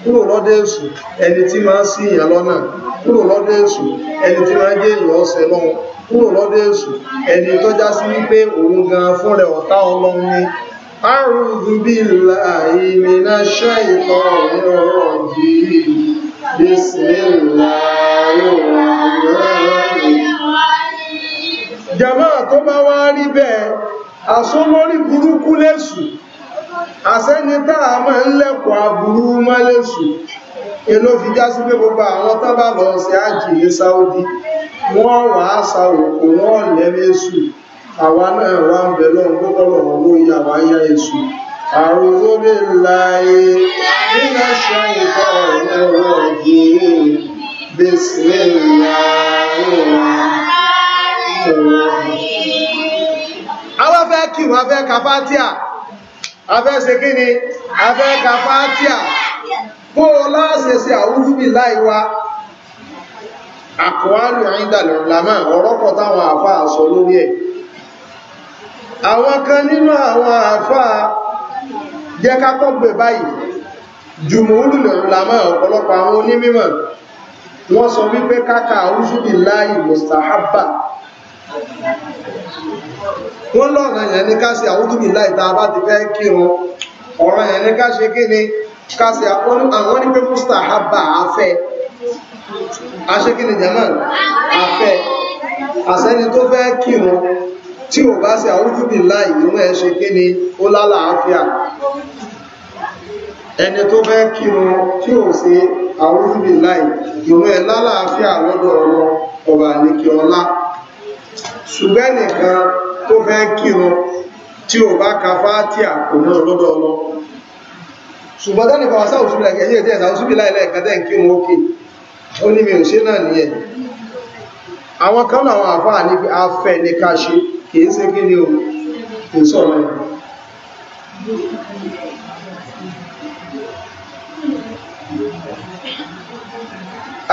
kúrò lọ́dẹ̀ èṣù ẹni tí máa ń sí ìyàn lọ́nà kúrò lọ́dẹ̀ èṣù ẹni tí máa ń gé ìyàn ọ̀sẹ̀ lọ́hùn kúrò lọ́dẹ̀ èṣù ẹni tọ́já sí wípé òun gan fún rẹ̀ ọ̀tá ọlọ́run ni àrùn bíi làyè mìíràn ṣe ìtọ̀ ọ̀rẹ́ yìí بسم الله الرحمن الرحيم jàmáà tó bá wá rí bẹ́ẹ̀ àsọlórí burúkú lẹ́sù àsẹ́ni táà máa ń lẹ́kọ̀ọ́ aburú mọ́ lẹ́sù èló fi já sí pé gbogbo àwọn tó lọ sí àjìyé sáódì wọ́n wà á sa òkú wọ́n lẹ́mẹ́sù àwa náà wà ń bẹ̀ lọ́run kókọ́lọ̀ owó أعوذ بالله من الشيطان الرجيم بسم الله الرحمن الرحيم àwọn fẹ́ kí wọ́n fẹ́ ka fátíà afẹ́ ṣe kí ni afẹ́ ka fátíà bó o láṣẹ sí àwùjú bí láì wá àkọwálù àyíndàlẹ̀ ọ̀làmà ọ̀rọ̀ táwọn àfáà sọ lórí ẹ̀ àwọn kan nínú àwọn àfáà jẹ́ ká kọ́gbẹ̀ báyìí jùmúlù lọ́lámọ́ ọ̀pọ̀lọpọ̀ àwọn onímọ̀ wọ́n sọ wípé káka àrúsùbì láàyè mustahabba wọ́n lọ́rọ̀ yẹn ní káṣe àrúsùbì láì tá a bá ti fẹ́ kírun ọ̀rọ̀ yẹn ní káṣe kí ni káṣe àwọn ah, ní pé mustahabba afẹ́ aṣẹ́kí ni jẹ́mọ̀ afẹ́ àṣẹ́ni tó fẹ́ kírun tí ò bá ṣe àwújú bí láì ìrún ẹ̀ ṣe kí ni ó lálàáfíà ẹni tó fẹ́ kírun tí ò ṣe àwújú bí láì ìrún ẹ̀ lálàáfíà lọ́dọ̀ ọlọ ọba àlekè ọlá ṣùgbẹ́ nìkan tó fẹ́ kírun tí ò bá ka fátíà kò náà lọ́dọ̀ ọlọ ṣùgbọ́n tẹ́lẹ̀ kan sáà òṣùbí láì ẹ̀yẹ́ ìdíyẹ̀ sáà òṣùbí láì lẹ́ẹ̀kan tẹ́ ń kírun ókè ó ní mi ò ṣe náà nìyẹn àwọn kan náà àwọn àfáà ní afẹ́ ní ká ṣe kìí ṣe kí ni o kò sọ̀rọ̀ ẹ̀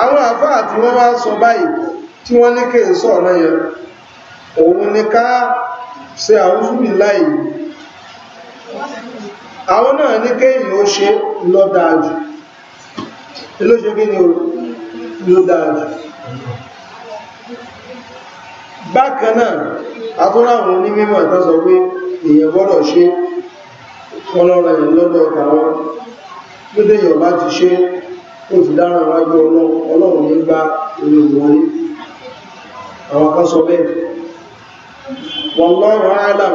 àwọn àfáà tí wọ́n bá sọ báyìí tí wọ́n ní kí n sọ̀rọ̀ yẹn òun ni ká ṣe àwúsùnmí láì àwọn náà ní kéyìn ó ṣe lọ́dáàjù ilóṣe kí ni ó lọ́dáàjù bákan náà atúrà àwọn onímọ̀ tán sọ pé èèyàn gbọ́dọ̀ ṣe ọlọ́rọ̀ ẹ̀ lọ́dọ̀ tàwọn tó déyàn bá ti ṣe ó ti dára wájú ọlọ́run ní gba orí wọn àwọn kan sọ bẹ́ẹ̀ wọ́n lọ́rọ̀ ààlà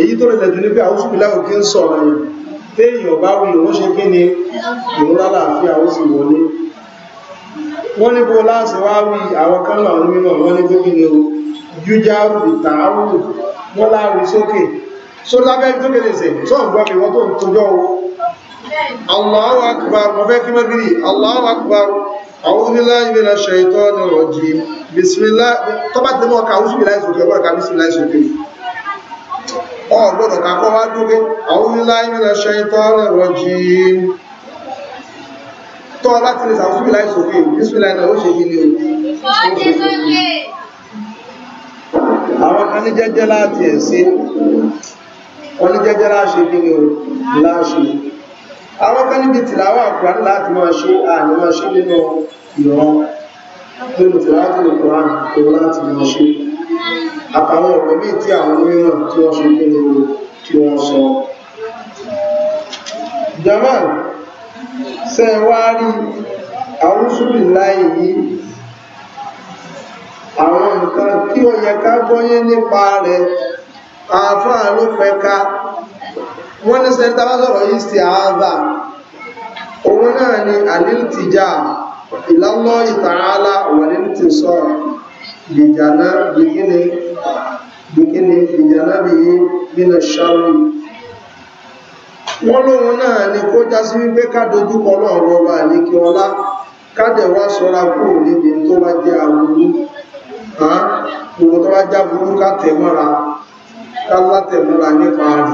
èyí tó rẹ̀ jù ní pé àwọn òṣùpìlá òkè ń sọ̀rọ̀ yìí téèyàn bá wí ìwọ́n ṣe kí ni ìrúnlá láàfíà ó sì wọlé wọ́n ní bó láàṣẹ wá wí àwọn kan náà nínú wọn ní pé kí ni o yújáàrù ìtààrù wọ́n láàrin sókè so lábẹ́ tó kéde sẹ̀ tó ń gbọ́mí wọ́n tó ń tójọ́ owó Allahu akbar wọ́n fẹ́ kí mẹ́gìrì Allahu akbar a'udhu billahi minash shaitonir rajim bismillah tọ́bá ti mọ́ ká oṣù bíláì sókè ọgbọ́n ká bísmillah sókè ọgbọ́dọ̀ ká kọ́ wá dókè a'udhu billahi minash shaitonir rajim tọ́ láti lè sàkóṣù bíláì sókè bísmillah náà ó ṣe kí ni o àwọn kan ní jẹ́jẹ́ láti ẹ̀ sí wọn ní jẹ́jẹ́ o láṣe àwọn kan níbi tìláwà kùránì láti máa ṣe àní máa ṣe nínú ìran nínú tìláwà kùránì tó láti máa ṣe àtàwọn ọ̀rọ̀ míì tí àwọn mìíràn tí wọ́n ṣe kí o tí wọ́n sọ jamal sẹ́wárí àwọn súnmí láì yìí àwọn nǹkan tí ó yẹ ká gbọ́yé nípa rẹ̀ àáfàá ló fẹ́ ká wọ́n ní sẹ́ńtà bá sọ̀rọ̀ yìí sí àádà òun náà ni àlìlìtìjà ìlànà ìtààlà wà bínú wọ́n lóun náà ni kó já sí wípé ká dojúkọ náà ọlá ká dẹ̀ wá gbogbo tó bá já burú látẹ̀mọ́ra látẹ̀mọ́ra nípa rẹ̀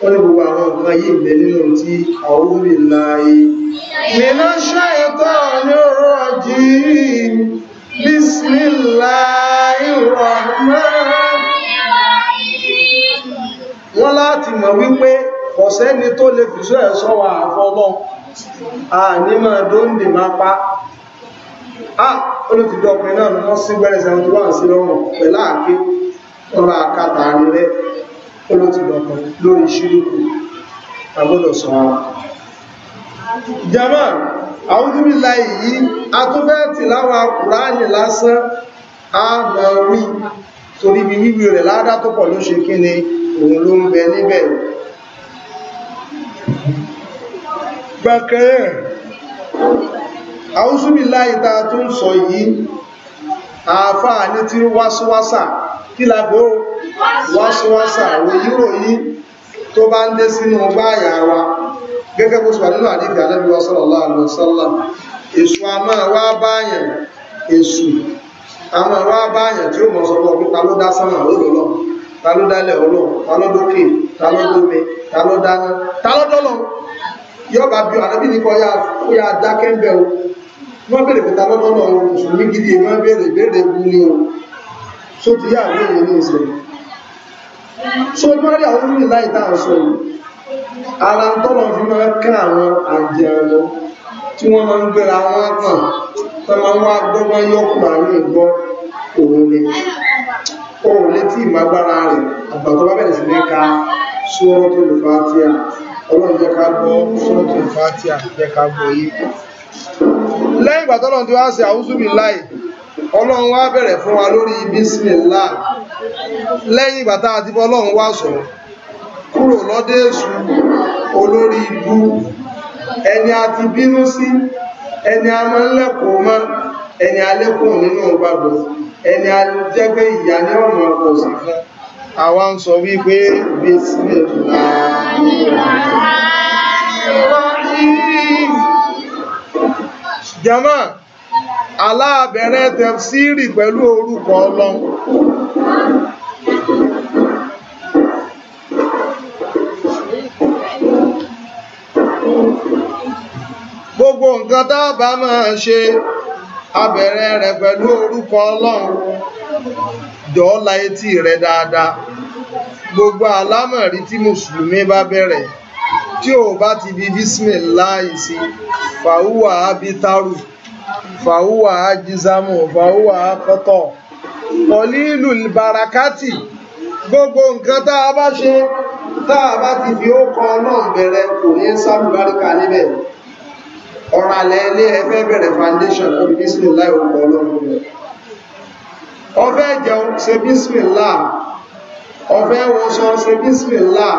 wọ́n ní gbogbo àwọn nǹkan yìí bẹ̀ nínú tí àwúrì láàáyé nínú ṣáyẹ̀tọ́ ní ọ̀rọ̀ jírí wọ́n láti mọ̀ wípé ọ̀sẹ́ni tó lè fìṣọ́ ẹ̀ṣọ́ wà àfọ́lọ́ ah olùtìdọ̀ ọkùnrin náà ni wọ́n sí gbẹ́rẹ̀ 71 sí lọ́rùn pẹ̀lá àké ọ̀rọ̀ àkàtà rẹ̀ olùtìdọ̀ ọkùnrin lórí ṣílùkù agbọ́dọ̀ sọ wọn jama àwùjúbílà èyí atúbẹ́ẹ̀tì láwọn akùránì lásán a mọ̀ wí torí bí wíwí rẹ̀ ládá tó pọ̀ ló ṣe kí ni òun ló ń bẹ níbẹ̀ gbàkẹ́yẹ̀ àwúsùbìlá ìta tó ń sọ yìí àáfàá ní tí wáṣíwáṣà kí lágbó wáṣíwáṣà ròyíròyìn tó bá ń dé sínú báyà wa gẹ́gẹ́ bó ṣùgbà nínú àdífẹ́ Ànábì sallallahu alaihi wasallam èṣù àmọ́ wá báyàn èṣù àmọ́ wá báyàn tí ó mọ̀ sọ́pọ̀ pé ta ló dá sánmà olóòlọ́ ta ló dálẹ̀ wọ́n bèèrè pẹ̀ta lọ́dọ́ lọ mùsùlùmí gidi wọ́n bèèrè bèèrè bú ní o tó ti yá àwọn èèyàn ní ìṣẹ̀lẹ̀ so wọ́n rí àwọn orílẹ̀ láì tá à ń sọ yìí ara ń tọ́lọ̀ fi máa kán àwọn àjẹrànlọ tí wọ́n máa ń gbéra wọn kàn tó máa ń wá gbọ́gbọ́n yọkùn àwọn ìgbọ́ òun ni òun létí ìmágbára rẹ̀ àgbà bá bẹ̀rẹ̀ sí ní ka Suratul Fatiha ọlọ́run jẹ́ ká gbọ́ Suratul Fatiha jẹ́ ká gbọ́ yìí lẹ́yìn ìgbà tọ́lọ́run ti wá ṣe àwùsùbíláì ọlọ́run wá bẹ̀rẹ̀ fún wa lórí bísímìlá lẹ́yìn ìgbà tá a ti fọ́ ọlọ́run wá sọ̀rọ̀ kúrò lọ́dẹ̀ èṣù olórí ibú ẹni a ti bínú sí ẹni a máa ń lẹ́kọ̀ọ́ mọ́ ẹni alẹ́kùn nínú gbàgbọ́ ẹni alẹ́jẹ́ pé ìyá ní ọ̀nà ọkọ̀ sí fún àwa ń sọ wípé bísímìlá jama aláàbẹ̀rẹ̀ tẹ̀síìrì pẹ̀lú orúkọ ọlọ́run gbogbo nǹkan tá a bá máa ṣe abẹ̀rẹ̀ rẹ̀ pẹ̀lú orúkọ ọlọ́run dọ́ọ̀la etí rẹ̀ dáadáa gbogbo àlámọ̀rí tí mùsùlùmí bá bẹ̀rẹ̀ tí ò bá ti fi bísímìláì sí fàúwà ábítárù fàúwà ájísámù fàúwà ákọ́tọ̀ pọ̀lílù barakati gbogbo nǹkan tá a bá ṣe tá a bá ti fi ó náà bẹ̀rẹ̀ kò ní sálùbáríkà níbẹ̀ ọ̀rànlẹ̀ ilé ẹfẹ́ bẹ̀rẹ̀ foundation lórí bísímìláì ọ̀pọ̀ ọlọ́run rẹ̀ ọfẹ́ jẹun ṣe bísímìláì ọfẹ́ wọṣọ ṣe bísímìláì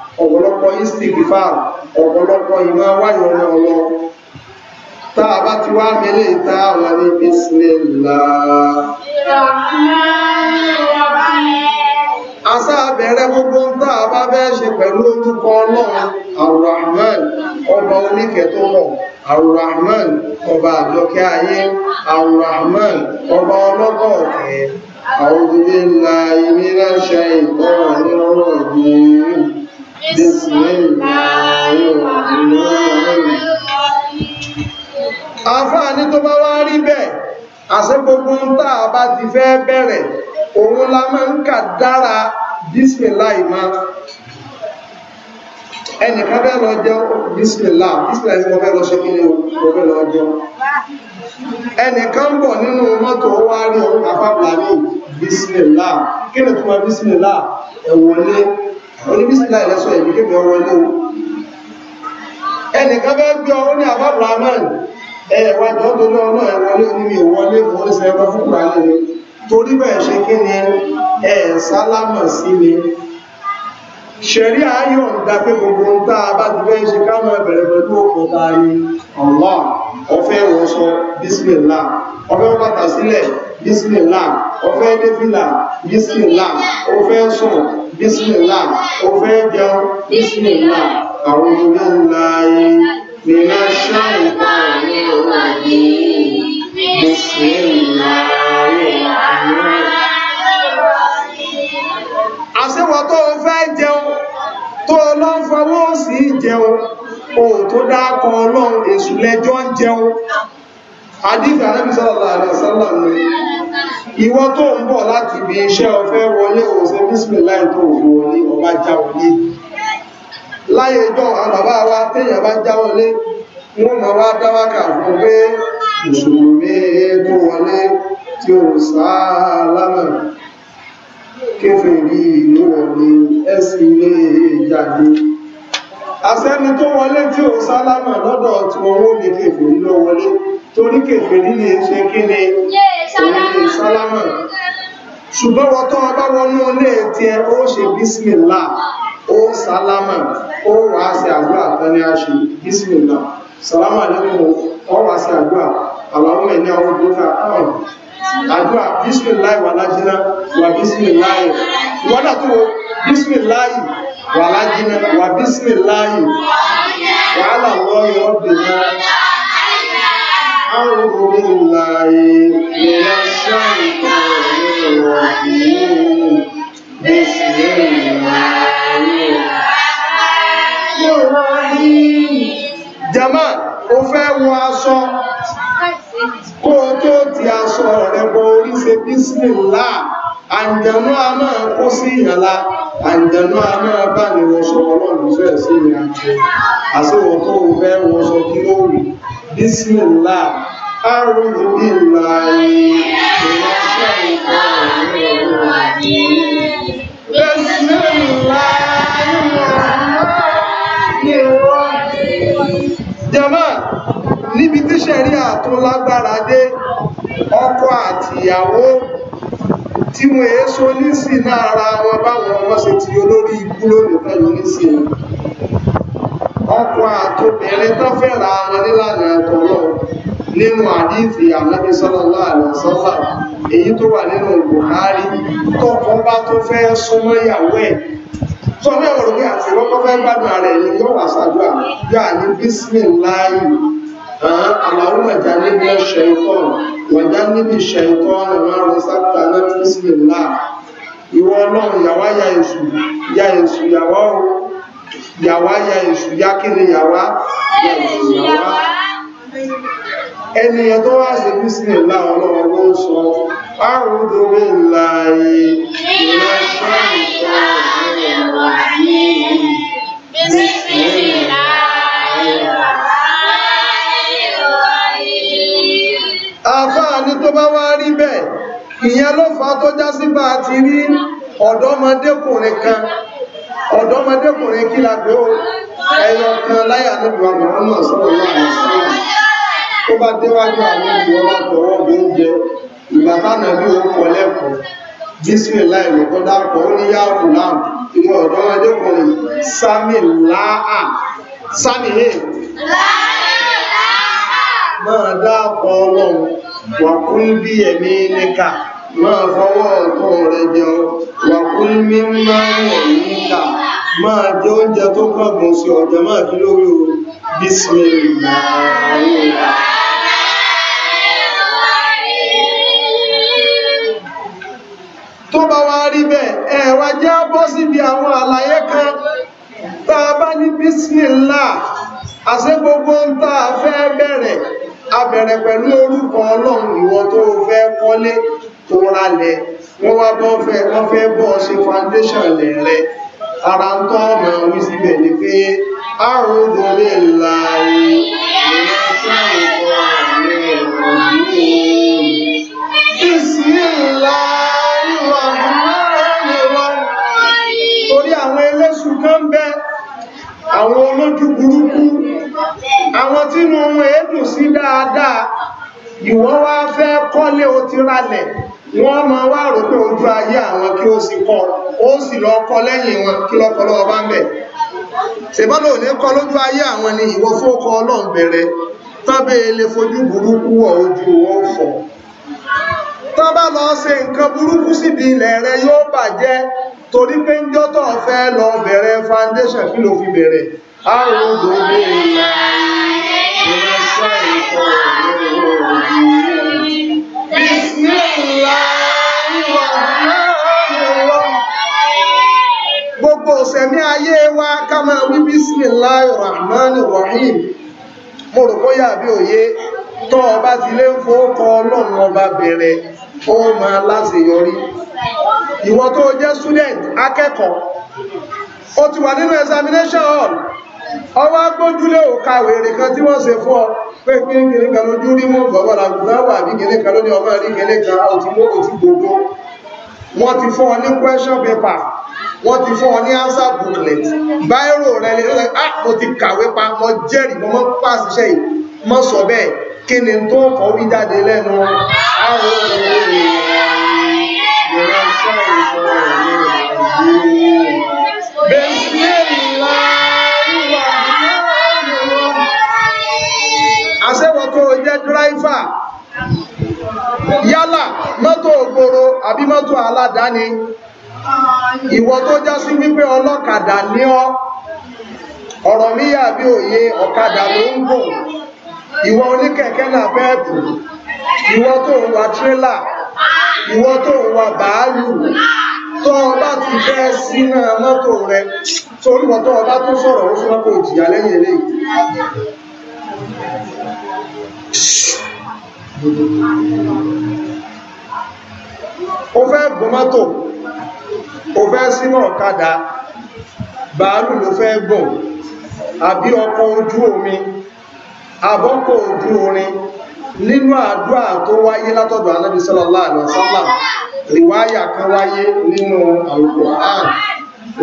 ọ̀pọ̀lọpọ̀ istikfar ọ̀pọ̀lọpọ̀ ìmọ̀ wáyọ̀ ọlọ́ tá a bá ti wá mẹ́lẹ̀ ìta wà ní bismillah asá bẹ̀rẹ̀ gbogbo ń tá a bá bẹ́ẹ̀ ṣe pẹ̀lú orúkọ ọlọ́run Ar-Rahman ọba oníkẹtọ́mọ̀ Ar-Rahman ọba àjọkẹ́ ayé Ar-Rahman ọba ọlọ́gọ́ ọ̀fẹ́ àwọn òbí ńlá ìmíràn ṣe ìgbọ́ràn nínú ọ̀gbìn àfáàní tó bá wá rí bẹ́ẹ̀ àṣẹ gbogbo ń tà bá ti fẹ́ bẹ̀rẹ̀ òun la máa ń kà dára bísmìláì máa ẹnìkan bẹ́ẹ̀ lọ jẹ́ bísmìlá bísmìlá ni mo fẹ́ lọ ṣe kí ni mo fẹ́ lọ jẹ́ ẹnìkan ń bọ̀ nínú mọ́tò wá rí ọ̀pá pàbàlì bísmìlá kí ni tó máa bísmìlá ẹ̀wọ̀lé oníbísílá ìlẹ́sọ ẹ̀mí kébì ọwọ́ ilé o ẹnìkan bẹ́ẹ̀ gbé ọwọ́ ní àbá brahman ẹ̀wà jọ́dọ́lé ọlọ́ ẹ̀wọlé onímì ìwọlé mọ́rísẹ̀ ẹgbẹ́ fún ìgbàlẹ̀ rẹ̀ torí bẹ́ẹ̀ ṣe kí ni ẹ̀ sálámà sí mi ṣẹ̀rí ayọ̀ ń da pé gbogbo ń tá a bá ti fẹ́ ṣe ká máa bẹ̀rẹ̀ pẹ̀lú òkú tari Allah ọ̀fẹ́ wọṣọ bismillah ọ̀fẹ́ bàtà sílẹ̀ bismillah ọ̀fẹ́ défìlà bismillah ọ̀fẹ́ sùn Bismillah, o fẹ́ bismillah, bísmìlá àwọn olóńgbò láàyè nínú ṣáìpá ní ọ̀rọ̀ yìí bísmìlá rẹ̀ àárẹ̀. àṣewọ̀ tó o fẹ́ jẹun tó o lọ fọwọ́ sí jẹun o tó dákọ ọlọ́run èṣù lẹ́jọ́ jẹun. àdìgbà náà bí sọ́lá àlọ́ mi ìwọ tó ń bọ̀ láti bí iṣẹ́ ọfẹ́ wọlé òṣè bísmìláì tó wọlé ọba já wọlé láyé ìjọ àbàbá wa téèyàn bá já wọlé wọ́n mọ̀ wá dáwákà fún pé mùsùlùmí tó wọlé tí ó sáàlámà kéfèrí ìlú wọlé ẹ̀sìn ilé ìjáde asẹ́ni tó wọlé tí ó sáàlámà lọ́dọ̀ tí wọ́n wó ní kéfèrí lọ wọlé torí kèfèrí ní ṣe kí ni orílẹ̀ sálámà ṣùgbọ́n wọ́n tó ọba wọnú ilé tí ẹ ó ṣe bísmìlá ó sálámà ó wà sí àdúrà tán ní a ṣe bísmìlá sálámà lẹ́nu ó wà sí àdúrà àwọn wà lájínà wà bísmìlá wọ́n tó bísmìlá wà lájínà wà bísmìlá wà á làwọ́ yọ̀ọ́ أعوذ بالله من الشيطان الرجيم بسم الله الرحمن jama o fẹ́ wọ aṣọ kó o tó ti aṣọ rẹ̀ bọ orí ṣe bísímìlá àǹjẹ̀nú a máa kó sí ìyànlá àǹjẹ̀nú a máa bá ní wọ́n sọ ọlọ́run fẹ́ sí ìrìnàjò àṣíwọ̀ tó o fẹ́ wọ́n sọ kí ó rí Bismillah, أعوذ بالله من الشيطان الرجيم بسم الله الرحمن الرحيم jama níbi tí sẹ̀rí àtún ọkọ àtìyàwó tí wọn èé so nísìn náà ara wọn báwọn ọmọ ṣe ti olórí ikú lónìí nísìn ọkọ àtobìnrin tó fẹ́ra wọn nílànà ẹ̀tọ́lọ́ nínú àdífì ànábì sallallahu alaihi wasallam èyí tó wà nínú Buhari tọ́kọ bá tó fẹ́ súnmọ́ ìyàwó ẹ̀ tó ní ọ̀rọ̀ pé àti ìwọ́kọ́ fẹ́ gbádùn ààrẹ ni yóò wà sàdúrà yóò àní bísímìláì eh, Allahumma jannibna ash-shaytan wa jannibi ash-shaytana ma razaqtana bísímìláì ìwọ ọlọ́run yàwá yà èṣù yà èṣù yàwá ọ̀rọ̀ yàwá ya èṣù yá kí ni yàwá ya èṣù yàwá ẹniyàn tó wá sí bísìnì láwọn ọlọ́wọ́ ló ń sọ árùndórí láàyè ìrẹsẹ́ ìṣọ́ ìrẹ̀wà ní bísìnì láàyè àfáà ní tó bá wá rí bẹ́ẹ̀ ìyẹn ló fà tó já sí bá ti rí ọ̀dọ́mọdékùnrin kan ọ̀dọ́mọdékùnrin kí la pé ó ẹyọ kan láyà níbi àmì ọmọ sọ́rọ̀ láàrin sí tó bá déwájú àwọn ìlú ọba tọwọ́ oúnjẹ ìgbà tánà bí ó kọ lẹ́kọ̀ọ́ bísí láì lọ́kọ́ dákọ̀ ó ní yáàrù láàrù ìwọ̀n ọ̀dọ́mọdékùnrin sami láà sami hé máa dákọ̀ ọlọ́run wà kún bí ẹ̀mí níkà máa fọwọ́ ọ̀tún rẹ jẹun wà kú ní mímọ́ wọ̀ níta máa jẹ oúnjẹ tó kọ̀gùn sí ọ̀jẹ́ máa kí lórí o bismillah tó bá wá rí bẹ́ẹ̀ ẹ wá jẹ́ bọ́ síbi àwọn àlàyé kan tá a bá ní bismillah àṣẹ gbogbo ń tá a fẹ́ bẹ̀rẹ̀ a pẹ̀lú orúkọ ọlọ́run ìwọ tó fẹ́ kọ́lé tó rálẹ̀ wọ́n wá bọ́ fẹ́ wọ́n fẹ́ bọ́ ṣe foundation lẹ̀ rẹ̀ ara ń tọ́ ọmọ wí síbẹ̀ ni pé àrùndùn lè láàrin ìrẹsẹ̀ ìkọ̀ àmì ìrọ̀lú Torí àwọn ẹlẹ́sùn kan bẹ, àwọn olójú burúkú, àwọn tí inú ohun èédùn sí dáadáa, ìwọ́n wá fẹ́ kọ́lé o ti ralẹ̀, wọ́n máa wá rò pé ojú ayé àwọn kí ó sì kọ́ ó sì lọ kọ́ lẹ́yìn wọn kí lọ́kọ́ lọ́wọ́ bá ń bẹ̀ ṣèbọ́n lò ní kọ́ lójú ayé àwọn ni ìwọ fókọ ọlọ́run bẹ̀rẹ̀ tọ́bẹ̀ ilé fojú burúkú wọ̀ ojú wọn ò fọ́ tọ́ bá lọ ṣe nǹkan burúkú síbi ilẹ̀ rẹ yóò bàjẹ́ torí pé ń jọ́tọ̀ fẹ́ lọ bẹ̀rẹ̀ foundation kí ló fi bẹ̀rẹ̀ àrùn òdòdó ìlà ìrẹsẹ̀ ìfọ̀rọ̀ lórí بسم الله الرحمن الرحيم gbogbo òsẹ̀mí ayé wa ká máa wí bísmìláì rahman rahim mo rò bóyá bí òye tó ọba ti lé ń fowókọ ọlọ́run ọba bẹ̀rẹ̀ ó máa láṣeyọrí ìwọ tó jẹ́ student akẹ́kọ̀ọ́ ó ti wà nínú examination hall ọwọ́ agbójúlé òkàwé èrè kan tí wọ́n ṣe fún ọ pé pé kìnní kan lójú rí mọ́ bàbára gbáwà àbí kìnní kan lóní ọmọ rí kìnní kan ó ti mọ́ ó ti gbogbo wọ́n ti fún ọ ní question paper wọ́n ti fún ọ ní answer booklet báírò rẹ̀ lè lọ́lẹ̀ ah mo ti kàwé pa mo jẹ́rìí mo mọ́ pass iṣẹ́ yìí mọ́ sọ bẹ́ẹ̀ kí ni tó kọ́ wí jáde lẹ́nu àwọn olùrànṣẹ́ ìṣòro ìlú bẹ́ẹ̀ àṣẹwọ̀ tó jẹ́ dráìfà yálà mọ́tò ògboro àbí mọ́tò aládàáni ìwọ tó já sí wípé ọlọ́kadà ní ọ ọ̀rọ̀ mi bí òye ọ̀kadà ló ń gùn ìwọ oníkẹ̀kẹ́ náà bẹ́ẹ̀bù ìwọ tó ń wa tírélà ìwọ tó ń wa bàálù tó ti fẹ́ sínú mọ́tò rẹ torí wọ́n tó sọ̀rọ̀ ó lẹ́yìn eléyìí ó fẹ́ gbọmọ́tò ó fẹ́ sínú ọ̀kadà bàálù ló fẹ́ gùn àbí ọkọ̀ ojú omi àbọ́kọ̀ ojú orin nínú àdúrà tó wáyé látọ̀dọ̀ Ànábì sallallahu alaihi wasallam rìwáyà kan wáyé nínú Al-Qur'an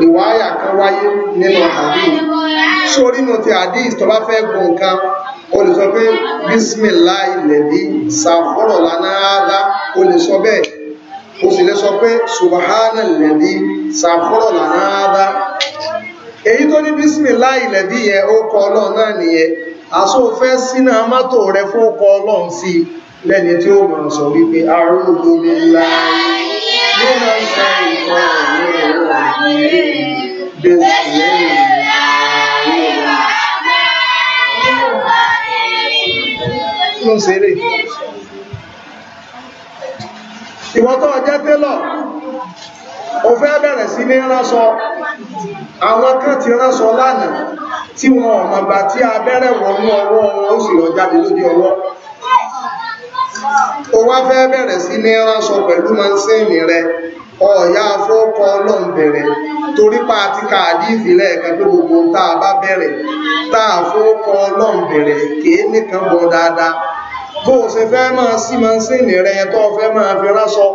rìwáyà kan wáyé nínú hadith sórínú ti hadith tó bá fẹ́ gùn nǹkan o lè sọ pé bismillah lẹ̀dí sàfọ́rọ̀ lánàádá o lè sọ bẹ́ẹ̀ o sì lè sọ pé subahana lẹ̀dí sàfọ́rọ̀ lánàádá èyí tó ní bismillah lẹ̀dí yẹn ó kọ ọlọ́run náà nìyẹn àsòfẹ́ sínú amátò rẹ fún ó ọlọ́run sí lẹ́ni tí ó mọ̀ sọ wípé arúgbó mi láàyè nínú ìṣẹ́ ìfọ̀rọ̀ ní ọ̀rọ̀ mi bẹ́ẹ̀ ló ń ṣeré ìwọ tó jẹ́ télọ̀ o fẹ́ bẹ̀rẹ̀ sí ní ránṣọ àwọn kan ti ránṣọ lánàá tí wọn ò mọ̀gbà tí abẹ́rẹ́ wọnú ọwọ́ wọn ó sì lọ jáde lójú ọwọ́ o wá fẹ́ bẹ̀rẹ̀ sí ní ránṣọ pẹ̀lú mansíìnì rẹ ọ̀yá afọ́kọ ọlọ́run bẹ̀rẹ̀ torí pa àti káàdì ìfìlẹ̀ ẹ̀kan pé gbogbo tá a bá bẹ̀rẹ̀ tá a fọ́kọ ọlọ́run bẹ̀rẹ̀ kìí nìkan bọ̀ dáadáa bó o ṣe fẹ́ máa sí mansíìnì rẹ tó o fẹ́ máa fi ránṣọ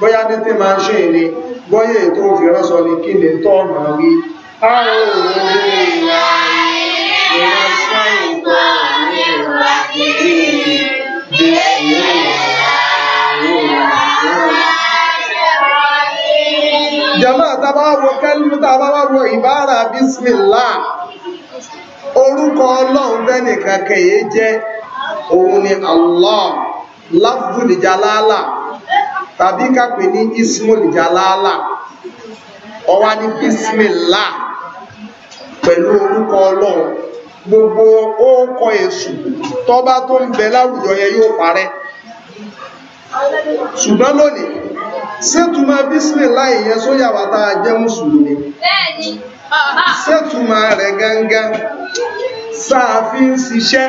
bóyá ní tí máa ń ṣe ni bóyá ètò fi ránṣọ ni kí ni tó ọ̀nà wí. a ò ìwà ìrẹsẹ̀ ìkọ̀ ní ìwà jama tàbá wo kẹ́lú tàbá wá wo ìbára bísmìlá orúkọ ọlọ́run tẹ́nìkan kẹ̀yẹ jẹ́ òun ni Allah lafzul jalala tàbí kápẹ́ ní ismul jalala ọwá ní bísmìlá pẹ̀lú orúkọ Ọlọrun. gbogbo ókọ èṣù tọ́bá tó ń bẹ láwùjọ yẹn yóò parẹ́ ṣùgbọ́n lónìí ṣètùmá bísílì láì yẹn sóyà wà tá a jẹ́ mùsùlùmí ṣètùmá rẹ̀ gangan sáàfi ń ṣiṣẹ́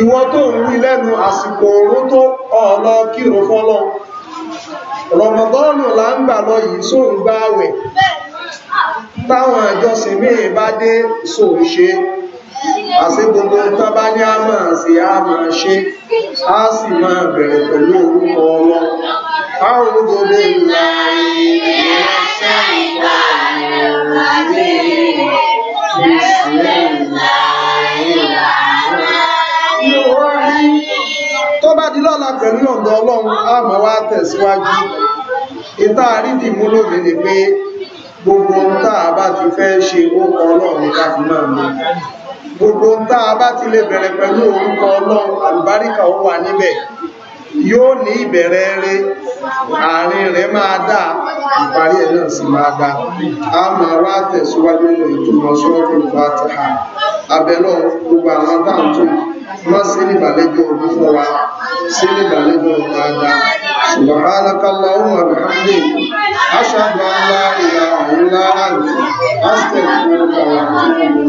ìwọ tó ń rí lẹ́nu àsìkò òun tó ọ̀lọ́ kírun fọ́lọ́ rọ̀mọ̀dọ́nù là ń gbà lọ yìí sóun gbáwẹ̀ táwọn ìjọsìn míì bá dé sò ṣe àti gbogbo tó bá ní a máa sì a máa ṣe a sì máa bẹ̀rẹ̀ pẹ̀lú orúkọ ọlọ́ tó bá di lọ́la pẹ̀lú ọ̀dọ̀ ọlọ́run a máa wá tẹ̀síwájú ìta àrídìmú lómi ni pé gbogbo ń a bá ti fẹ́ ṣe orúkọ ọlọ́run ká fi máa mú gbogbo ń táà bá ti lè bẹ̀rẹ̀ pẹ̀lú orúkọ ọlọ́run àlùbáríkà ó wà níbẹ̀ yóò ní ìbẹ̀rẹ̀ eré àárín rẹ̀ máa dá ìparí ẹ̀ náà sì máa dá a máa wá tẹ̀síwájú nínú ìtumọ̀ sọ́ọ̀tún Fatiha abẹ́lọ́ gbogbo àwọn táǹtún má sí ní ìbàlẹ́jọ́ ọdún fún wa سبحانك اللهم وبحمدك أشهد أن لا إله إلا أنت أستغفرك وأتوب إليك